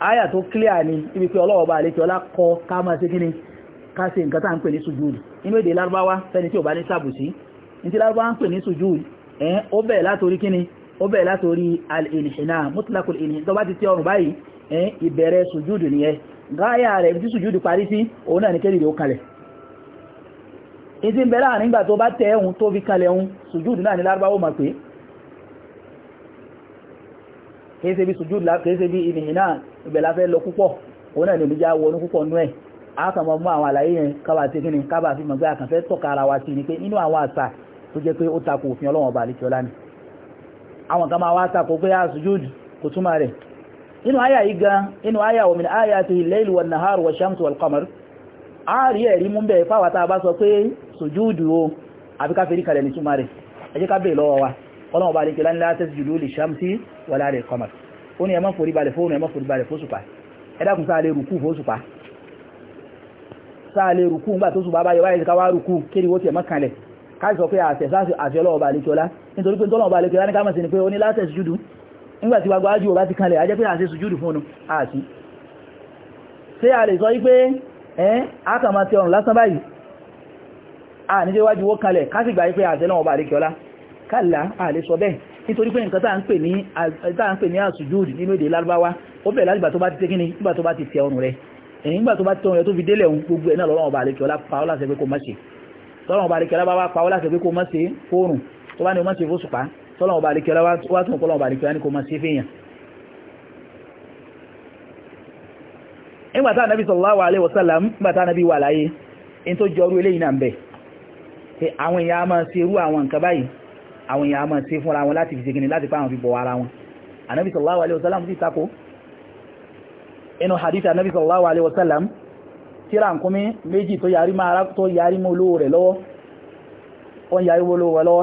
àyà tó clear ni ibi pé ọba àlekẹ́ ọlá kọ ká máa ṣe kíni ká ṣe nǹkan tá ń pè ní inú èdè lárúbáwá fẹ́ni tí ò bá ní sàbùsí ní ti lárúbáwá ń gáyà rẹ̀ tí sùjúdù parí sí òun náà ní kéde ó kalẹ̀ ìsì ń bẹ láàrin ìgbà tó bá tẹ́ ẹ̀hún tó fi kalẹ̀ ẹ̀hún sùjúdù náà ní lárúbáwò mà pé kéèsè bí sùjúdù kéèsè bí ìnìyàn náà ìbẹ̀lá fẹ́ lọ púpọ̀ ni pé nínú àwọn àṣà tó jẹ́ pé ó takò òfin ọlọ́wọ̀n ọba àlejò ni àwọn kan máa wá takò pé ah, nínú àyà yìí gan nínú àyà wa min ayatihi al-layl wan-nahar wash-shamsu wal-qamar a rí ẹ̀rí mú bẹ̀ fáwàtà bá sọ pé sùjúdù o àbí ká fèrí kalẹ̀ ní túnmà rẹ̀ ẹ jẹ́ ká bèè lọ́wọ́ wa ọlọ́wọ́ bá ní kí lánilá tasjudu lish-shamsi wala lil-qamar ó ní ẹ má forí balẹ̀ fóònù ẹ má forí balẹ̀ fóṣùpá ẹ dákun sáà lè rùkú fóṣùpá sáà lè rùkú ńgbà nígbàtí gbogbo ájú ọba ti kanlẹ̀ ajẹ́ pé àṣẹ sùjúdù fún un àti ṣe a lè sọ wípé ẹ́n àkàmà tẹ ọ̀rùn lásán báyìí a níjẹ́ wájú wó kanlẹ̀ kásìgbà wípé àṣẹ náà ọba àríkẹ́ọlá a lè sọ bẹ́ẹ̀ nítorí pé nǹkan tá ń pè ní àsùjúdù nínú èdè lárúbáwá ó bẹ̀rẹ̀ láti gbà tó bá ti tẹ́kíní nígbà tó bá ti tẹ ọ̀rùn rẹ̀ èyí nígbà tó bá ti tẹ ọ̀rùn rẹ̀ tó fi délẹ̀ ohun gbogbo ẹ̀ náà lọ́rọ̀ ọba àríkẹ́ọlá pa ọ́ láṣẹ pé kó má ṣe tọ́rọ̀ ọba àríkẹ́ọlá bá wá pa ọ́ láṣẹ pé kó má ṣe fóòrùn tó bá ní o má ṣe tọ́lọ̀ ọba àríkẹ́lá wá tún ọ̀pọ̀lọ̀ ọba àríkẹ́lá ní kò máa ṣe alaihi wasallam nígbàtá nàbí wà láyé in tó jọrú eléyìí náà bẹ̀ àwọn èèyàn a máa ṣe irú àwọn nǹkan báyìí àwọn èèyàn a máa ṣe fúnra wọn láti fi ṣe gini láti pa fi bọ̀ ara wọn ànábì sallallahu alaihi wasallam sì tako inú hadith ànábì sallallahu alaihi wasallam tíra nkúmi méjì tó yarí mọ́ olówó rẹ̀ lọ́wọ́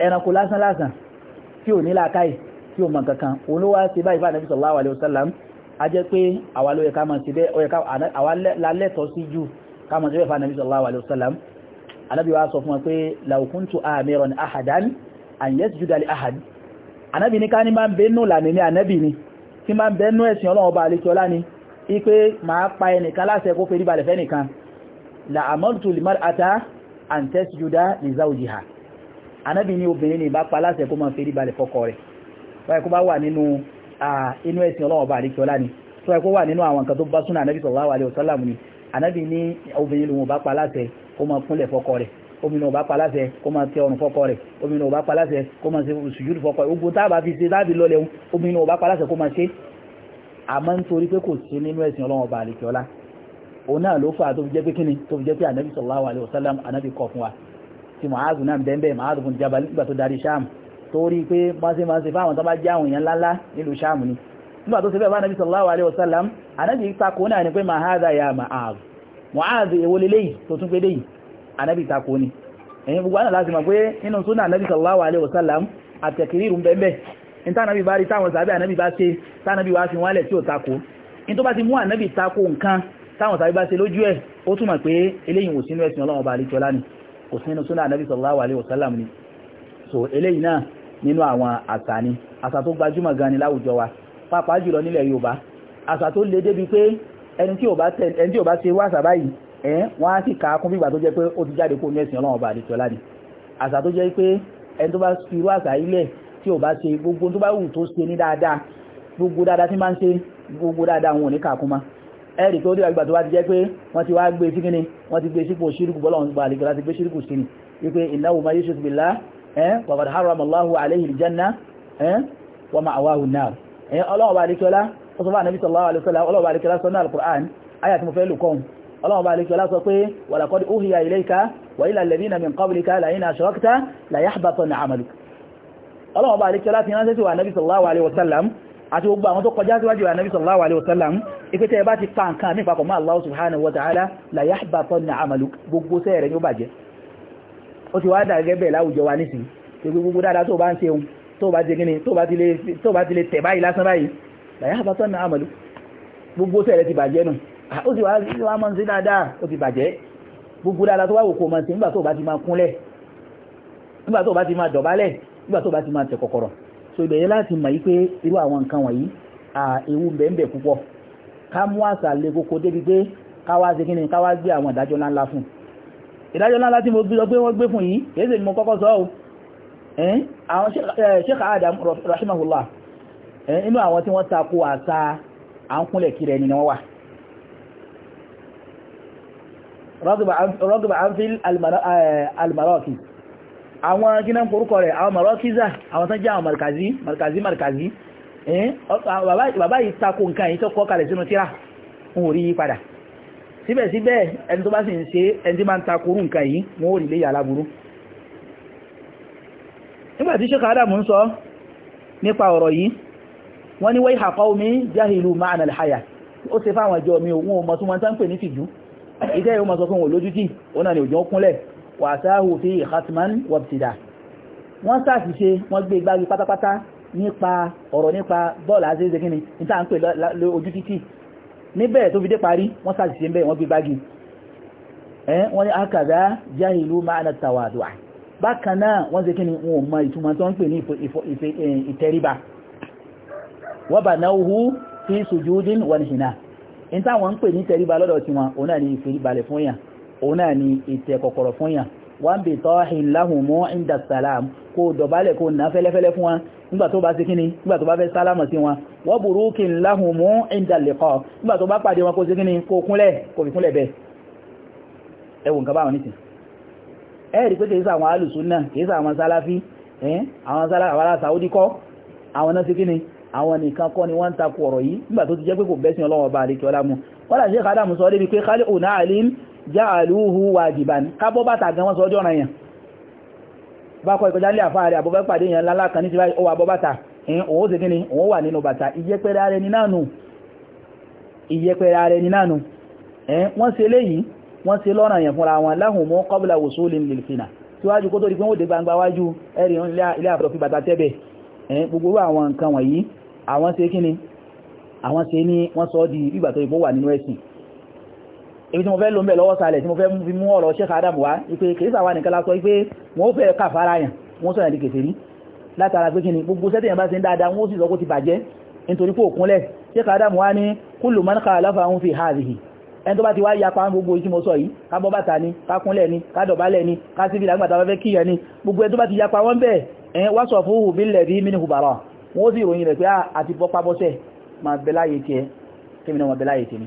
ẹranko lásán lásán tí ò ní làákàyè tí ò mọ̀ kankan òun ló wá ṣe báyìí fún Ànábì sallallahu alaihi wasallam a jẹ́ pé àwa ló yẹ ká máa ṣe bẹ́ẹ̀ ó yẹ ká sí jù ká máa ṣe bẹ́ẹ̀ fún Ànábì sallallahu alaihi wasallam Ànábì wa sọ fún wọn pé law kuntu amiran ahadan an yasjuda li ahad Ànábì ní ká ní máa ń bẹ nù lànà ní Ànábì ni tí máa ń bẹ nù ẹ̀sìn Ọlọ́run ọba àlejò ọlá ni ipe máa pa ẹnìkan láṣẹ kó fèrí balẹ̀ fẹ́nìkan la amartu limar'ata an tasjuda li zawjiha anábì ní obìnrin ní ìbá pa aláṣẹ kó máa fèrí balẹ̀ fọ́kọ rẹ̀ wáyé kó bá wà nínú inú ẹ̀sìn ọlọ́wọ́ bá àríkẹ́ ọlá ni tó wáyé kó wà nínú àwọn nǹkan tó bá súnà anábì sallallahu alaihi wasallam ni anábì ní obìnrin lòun bá pa aláṣẹ kó máa kúnlẹ̀ fọ́kọ rẹ̀ obìnrin ò bá pa aláṣẹ kó máa tẹ ọrùn fọ́kọ rẹ̀ obìnrin ò bá pa aláṣẹ kó máa ṣe sùjúdù fọ́kọ rẹ̀ ogun tá a bá fi ṣe láàbì lọlẹ̀ obìnrin ò bá pa aláṣẹ kó máa ṣe àmọ́ nítorí pé kò sí nínú ẹ̀sìn ọlọ́wọ́ bá àríkẹ́ ọlá òun náà ló fà tó fi jẹ́ pé kíni tó fi jẹ́ pé ànábì sallallahu alaihi wasallam ànábì kọ̀ fún wa tí mọ̀háàzù náà bẹ́ẹ̀ mọ̀háàzù fún jabal nígbà tó darí sáàmù torí pé báṣe máa ṣe fáwọn tó bá jáwọn èèyàn ńláńlá nílùú sáàmù ni nígbà tó ṣe bẹ́ẹ̀ fáwọn sallallahu alaihi wasallam anábì takò náà ni pé mọ̀háàzà ya mọ̀háàzù mọ̀háàzù èwo leléyìí tó tún pédé yìí anábì takò ni ẹ̀yin gbogbo àná láti mọ̀ pé nínú súnà anábì sallallahu alaihi wasallam àtẹ̀kìrìrù ń bẹ́ẹ̀ ní tánàbì bá rí táwọn sàbẹ̀ ànábì bá ṣe tánàbì wá fi wọ́n lẹ̀ tí ò takò ní tó bá kò sínú súnà anábì sallallahu alaihi wasallam ni so eléyìí náà nínú àwọn àṣà ni àṣà tó gbajúmọ̀ gan ni láwùjọ wa pàápàá jùlọ nílẹ̀ yorùbá àṣà tó le débi pé ẹni tí ò bá ṣe wá àṣà báyìí ẹ̀ wọ́n á sì kà á kún bígbà tó jẹ́ pé ó ti jáde kó ní ọlọ́run ọba ni àṣà tó jẹ́ pé ẹni tó bá fi irú àṣà ilẹ̀ tí ò bá ṣe gbogbo tó bá wù tó ṣe ẹ̀rì tó dé àgbà tó wá ti jẹ́ pé wọ́n ti wá gbé sí kíni wọ́n ti gbé sípò ṣírùkù bọ́lọ̀ ọ̀gbà àlejò láti gbé ṣírùkù sí ni wípé innahu man yushrik billah ẹ̀ waqad harrama Allahu alayhi al-janna ẹ̀ wa ma'wahu an-nar ẹ̀ ọlọ́wọ́ bá àlejò lá ó sọ fún ànábì sallallahu alayhi wa sallam ọlọ́wọ́ bá àlejò lá sọ ní al-Qur'an ayà tí mo fẹ́ lù kọ́hùn ọlọ́wọ́ bá àlejò lá sọ àti gbogbo àwọn tó kọjá síwájú ànábì sallallahu alaihi wasallam ipe tẹ́ bá ti pa nǹkan mi papọ̀ mọ́ Allah subhanahu wa ta'ala la yahbatanna amaluk gbogbo sẹ́ẹ̀rẹ̀ ni ó bàjẹ́ ó ti wá dà gẹ́gẹ́ bẹ́ẹ̀ láwùjọ wa nísìn gbogbo dáadáa tó bá ń ṣeun tó bá ti gíní tó bá ti lè tẹ̀ báyìí lásán báyìí la yahbatanna amaluk so ìbẹ̀yẹ láti mọ̀ yìí pé irú àwọn nǹkan wọ̀nyí ewu bẹ̀ẹ̀bẹ̀ púpọ̀ ká mú àṣà lè kókó débi pé káwá ṣe kí ni káwá gbé àwọn ìdájọ́ ńláńlá fún ìdájọ́ ńláńlá tí mo gbé wọ́n gbé fún yìí kìí ṣe ni mo kọ́kọ́ sọ ọ́ àwọn Sheikh Adam rahimahullah inú àwọn tí wọ́n tako àṣà à kiri ẹni ni wọ́n wà rọ́gbà anfil almaraki àwọn gínà korúkọ rẹ̀ àwọn marọ́kíza àwọn tán jẹ́ àwọn markazi markazi markazi bàbá yìí takò nǹkan yìí tó kọ́ kalẹ̀ sínú tíra ń rí yí padà síbẹ̀síbẹ̀ ẹni tó bá sì ń ṣe ẹni tí máa ń takorú nǹkan yìí wọ́n rí lé yàrá burú nígbà tí Sheikh Adam ń sọ nípa ọ̀rọ̀ yìí wọ́n jahilu ma'na al-haya ó ṣe fáwọn ìjọ mi òun ò mọ̀ tún wọn tán pè ní fìjú ni òjò kúnlẹ̀ wàtáhù fi ìhàtìmán wọ̀btìdá wọ́n ṣàṣìṣe wọ́n gbé igbági pátápátá nípa ọ̀rọ̀ nípa bọ́ọ̀lù azéze gíní níta ń pè ojú títì níbẹ̀ tó fi dé parí wọ́n ṣàṣìṣe ń bẹ̀ wọ́n gbé igbági ẹ́ wọ́n ní akàdá jáhìlú máàna tàwàdùà bákan náà wọ́n ṣe kíni wọn ò mọ ìtumọ̀ tó ń pè ní ìtẹríba wọ́n bà náà hu fi sùjúdín wọ́n òun náà ni ètè kọ̀kọ̀rọ̀ fún yàn wọ́n bè tọ́ ìláhùn mọ́ ìdá sàlám kó dọ̀bálẹ̀ kó ná fẹ́lẹ́fẹ́lẹ́ fún wọn nígbà tó bá sí kíní nígbà tó bá fẹ́ sálámọ̀ sí wọn wọ́n burú kí n láhùn mọ́ ìdá lẹ́kọ́ nígbà tó bá pàdé wọn kó sí kíní kó kúnlẹ̀ kó fi kúnlẹ̀ bẹ́ẹ̀ ni wọ́n ń takò ọ̀rọ̀ yìí nígbà tó ti jẹ́ pé kò bẹ́sìn ọlọ́wọ́ bá àríkẹ́ ọlámù wọ́n ja'aluhu wajiban kábọ́ bàtà gan wọ́n sọ ọjọ́ ọ̀ràn yàn bá kọ́ ìkọjá lé àfáà rẹ̀ àbúbẹ́ pàdé yàn lálá kan ní ti báyìí ó wà bọ́ bàtà ẹ̀yìn òun ó sì gíní òun wà nínú bàtà ìyẹ́pẹ̀rẹ̀ ara ẹni nánú ìyẹ́pẹ̀rẹ̀ ara ẹni nánú ẹ̀yìn wọ́n ṣe léyìí wọ́n ṣe lọ́ràn yàn fúnra wọn lahum qabla wusulin lil fina síwájú kó tó di àwọn nǹkan wọ̀nyí àwọn ṣe ní wọ́n sọ di ìgbà tó ìbó wà nínú ẹ̀sìn ibi tí mo fẹ́ ló ń bẹ̀ lọ́wọ́ sálẹ̀ tí mo fẹ́ fi mú ọ̀rọ̀ Sheikh Adam wá ipe kèésà wà nìkan lásọ ipe wọ́n fẹ́ kàfàrà yàn wọ́n sọ̀rọ̀ di kèfèrí látara pé kí ni gbogbo sẹ́tẹ̀yàn bá ṣe ń dáadáa wọ́n sì sọ kó ti bàjẹ́ nítorí pé òkúnlẹ̀ Sheikh Adam wá ní kullu man khalafa ń fi hadhihi ẹni tó bá ti wá ya pa gbogbo ìtí mo sọ yìí ká bọ́ bàtà ni ká kúnlẹ̀ ni ká dọ̀bálẹ̀ ni ká síbi làgbàtà fẹ́ kíyàn ni gbogbo ẹni tó bá ti ya pa wọ́n bẹ́ẹ̀ ẹ̀yẹn wá sọ fún hù bí lẹ̀ bí mínú hùbàrà wọ́n sì ròyìn rẹ̀ pé ah, àti bọ́pá bọ́sẹ̀ máa bẹ láyé tiẹ̀ kí mi náà máa bẹ láyé tiẹ̀ ni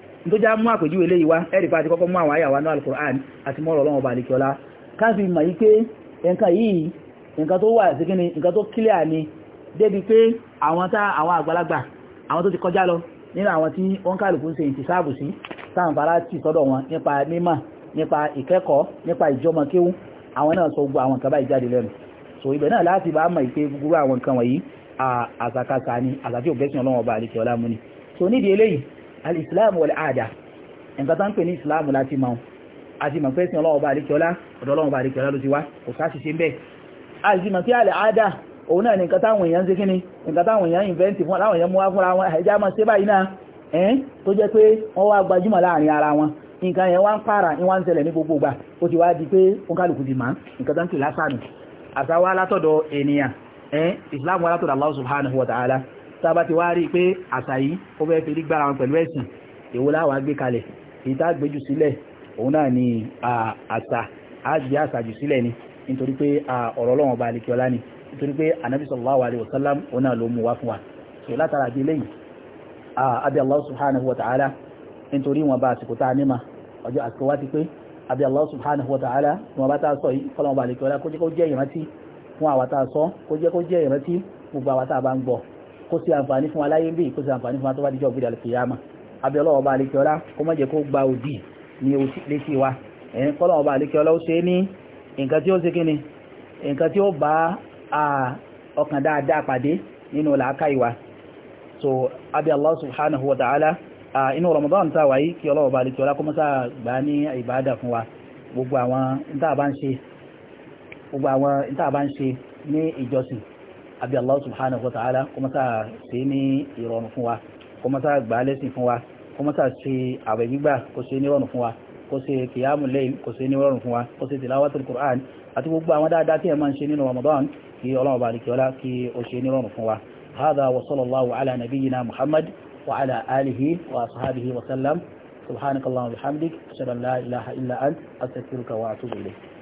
tó já mú àpèjúwe lè wá ẹ̀rìfà àti kọ́kọ́ mú àwọn àyàwó náà alukur'an àti mọ́rọ̀ ọlọ́run ọba àlekíọ́lá káfí mà yí pé nǹkan yìí nǹkan tó wà sí kíni nǹkan tó kílẹ̀ ni débi pé àwọn tá àwọn àgbàlagbà àwọn tó ti kọjá lọ nínú àwọn tí wọ́n kálukú ń ṣe ìtìsáàbù sí táwọn bàrá tì sọ́dọ̀ wọn nípa mímọ̀ nípa ìkẹ́kọ̀ọ́ nípa ìjọmọ kéwú àwọn náà sọ gbogbo àwọn nǹkan báyìí jáde lẹ́nu so ibẹ̀ náà láti bá mọ̀ ìpé gbogbo àwọn nǹkan wọ̀nyí àzàkàkà ni àzàtí òbẹ́sìn ọlọ́wọ́ ọba àlekíọ́lá mú ni so nídìí eléyìí alìsìláàmù wọlé àdá nǹkan tó ń pè ní ìsìláàmù láti mọ̀ àti mọ̀ pé sin ọlọ́wọ́ bá àríkẹ́ọ́lá ọ̀dọ̀ ọlọ́wọ́ bá àríkẹ́ọ́lá ló ti wá kò sáà ṣiṣẹ́ bẹ́ẹ̀ àti mọ̀ pé àlẹ́ òun náà ni nǹkan táwọn èèyàn ń ṣe kíni nǹkan táwọn èèyàn ìnvẹ́ntì fún láwọn èèyàn mú wá fúnra wọn ẹ̀já máa ṣe báyìí náà ẹ́n tó jẹ́ pé wọ́n wá gbajúmọ̀ láàrin ara wọn nǹkan yẹn wá ń pààrà ní wá ń ṣẹlẹ̀ ní gbogbo ìgbà ó ti Allah subhanahu wa ta'ala tába ti wá rí pé àṣà yìí ó fẹ́ fi rí gbára wọn pẹ̀lú ẹ̀sìn èwo láwàá gbé kalẹ̀ èyí tá gbé jù sílẹ̀ òun náà ni àṣà á gbé àṣà jù sílẹ̀ ni nítorí pé ọ̀rọ̀ ọlọ́wọ̀n ọba àlekíọ́lá ni nítorí pé anabi sallallahu alayhi wa sallam òun náà ló mú wá fún wa so látara bí lẹ́yìn abi allah subhanahu wa ta'ala nítorí wọn bá àsìkò tá a níma ọjọ́ àsìkò wá ti pé abi allah subhanahu wa ta'ala wọn bá tá a sọ yìí kọ́lọ́wọ́n ọba àlekíọ́lá kó jẹ́ kó jẹ́ ìrántí fún àwa tá a sọ kó jẹ́ kó jẹ́ ìrántí gbogbo àwa tá a bá ń gbọ́ kó ṣe àǹfààní fún aláyé bí kó ṣe àǹfààní fún atọ́wádìí jọ òbí dàlùkì yàmà abiola ọba alekeola kó má jẹ́ kó gba òdì ní létí wa ẹ̀yìn kọ́lọ̀ ọba alekeola ó ṣe ní nǹkan tí ó ṣe kí ni nǹkan tí ó bá ọkàn dáadáa pàdé nínú làákàyè wa so abi allah subhanahu wa ta'ala inú ramadan tá wáyé kí ọlọ́wọ́ ọba alekeola kó má sá gbà ní ìbáadà fún wa gbogbo àwọn ìta bá ń ṣe ní ìjọsìn àbí Allah subhanahu wa ta'ala kó mọ́sá ṣe ní ìrọ̀rùn fún wa kó mọ́sá gbà lẹ́sìn fún wa kó mọ́sá ṣe àwẹ̀ gbígbà kó ṣe ní ìrọ̀rùn fún wa kó ṣe kìyàmù lẹ́yìn kó ṣe ní ìrọ̀rùn fún wa kó ṣe tìláwàtul Qur'an àti gbogbo àwọn dáadáa tí ẹ máa ń ṣe nínú Ramadan kí ọlọ́run bá lè kíọ́lá kí ó ṣe ní ìrọ̀rùn fún wa hadha wa sallallahu ala nabiyyina Muhammad wa ala alihi wa ashabihi wa sallam subhanakallahumma wa bihamdik ashhadu an la ilaha illa ant astaghfiruka wa atubu ilayk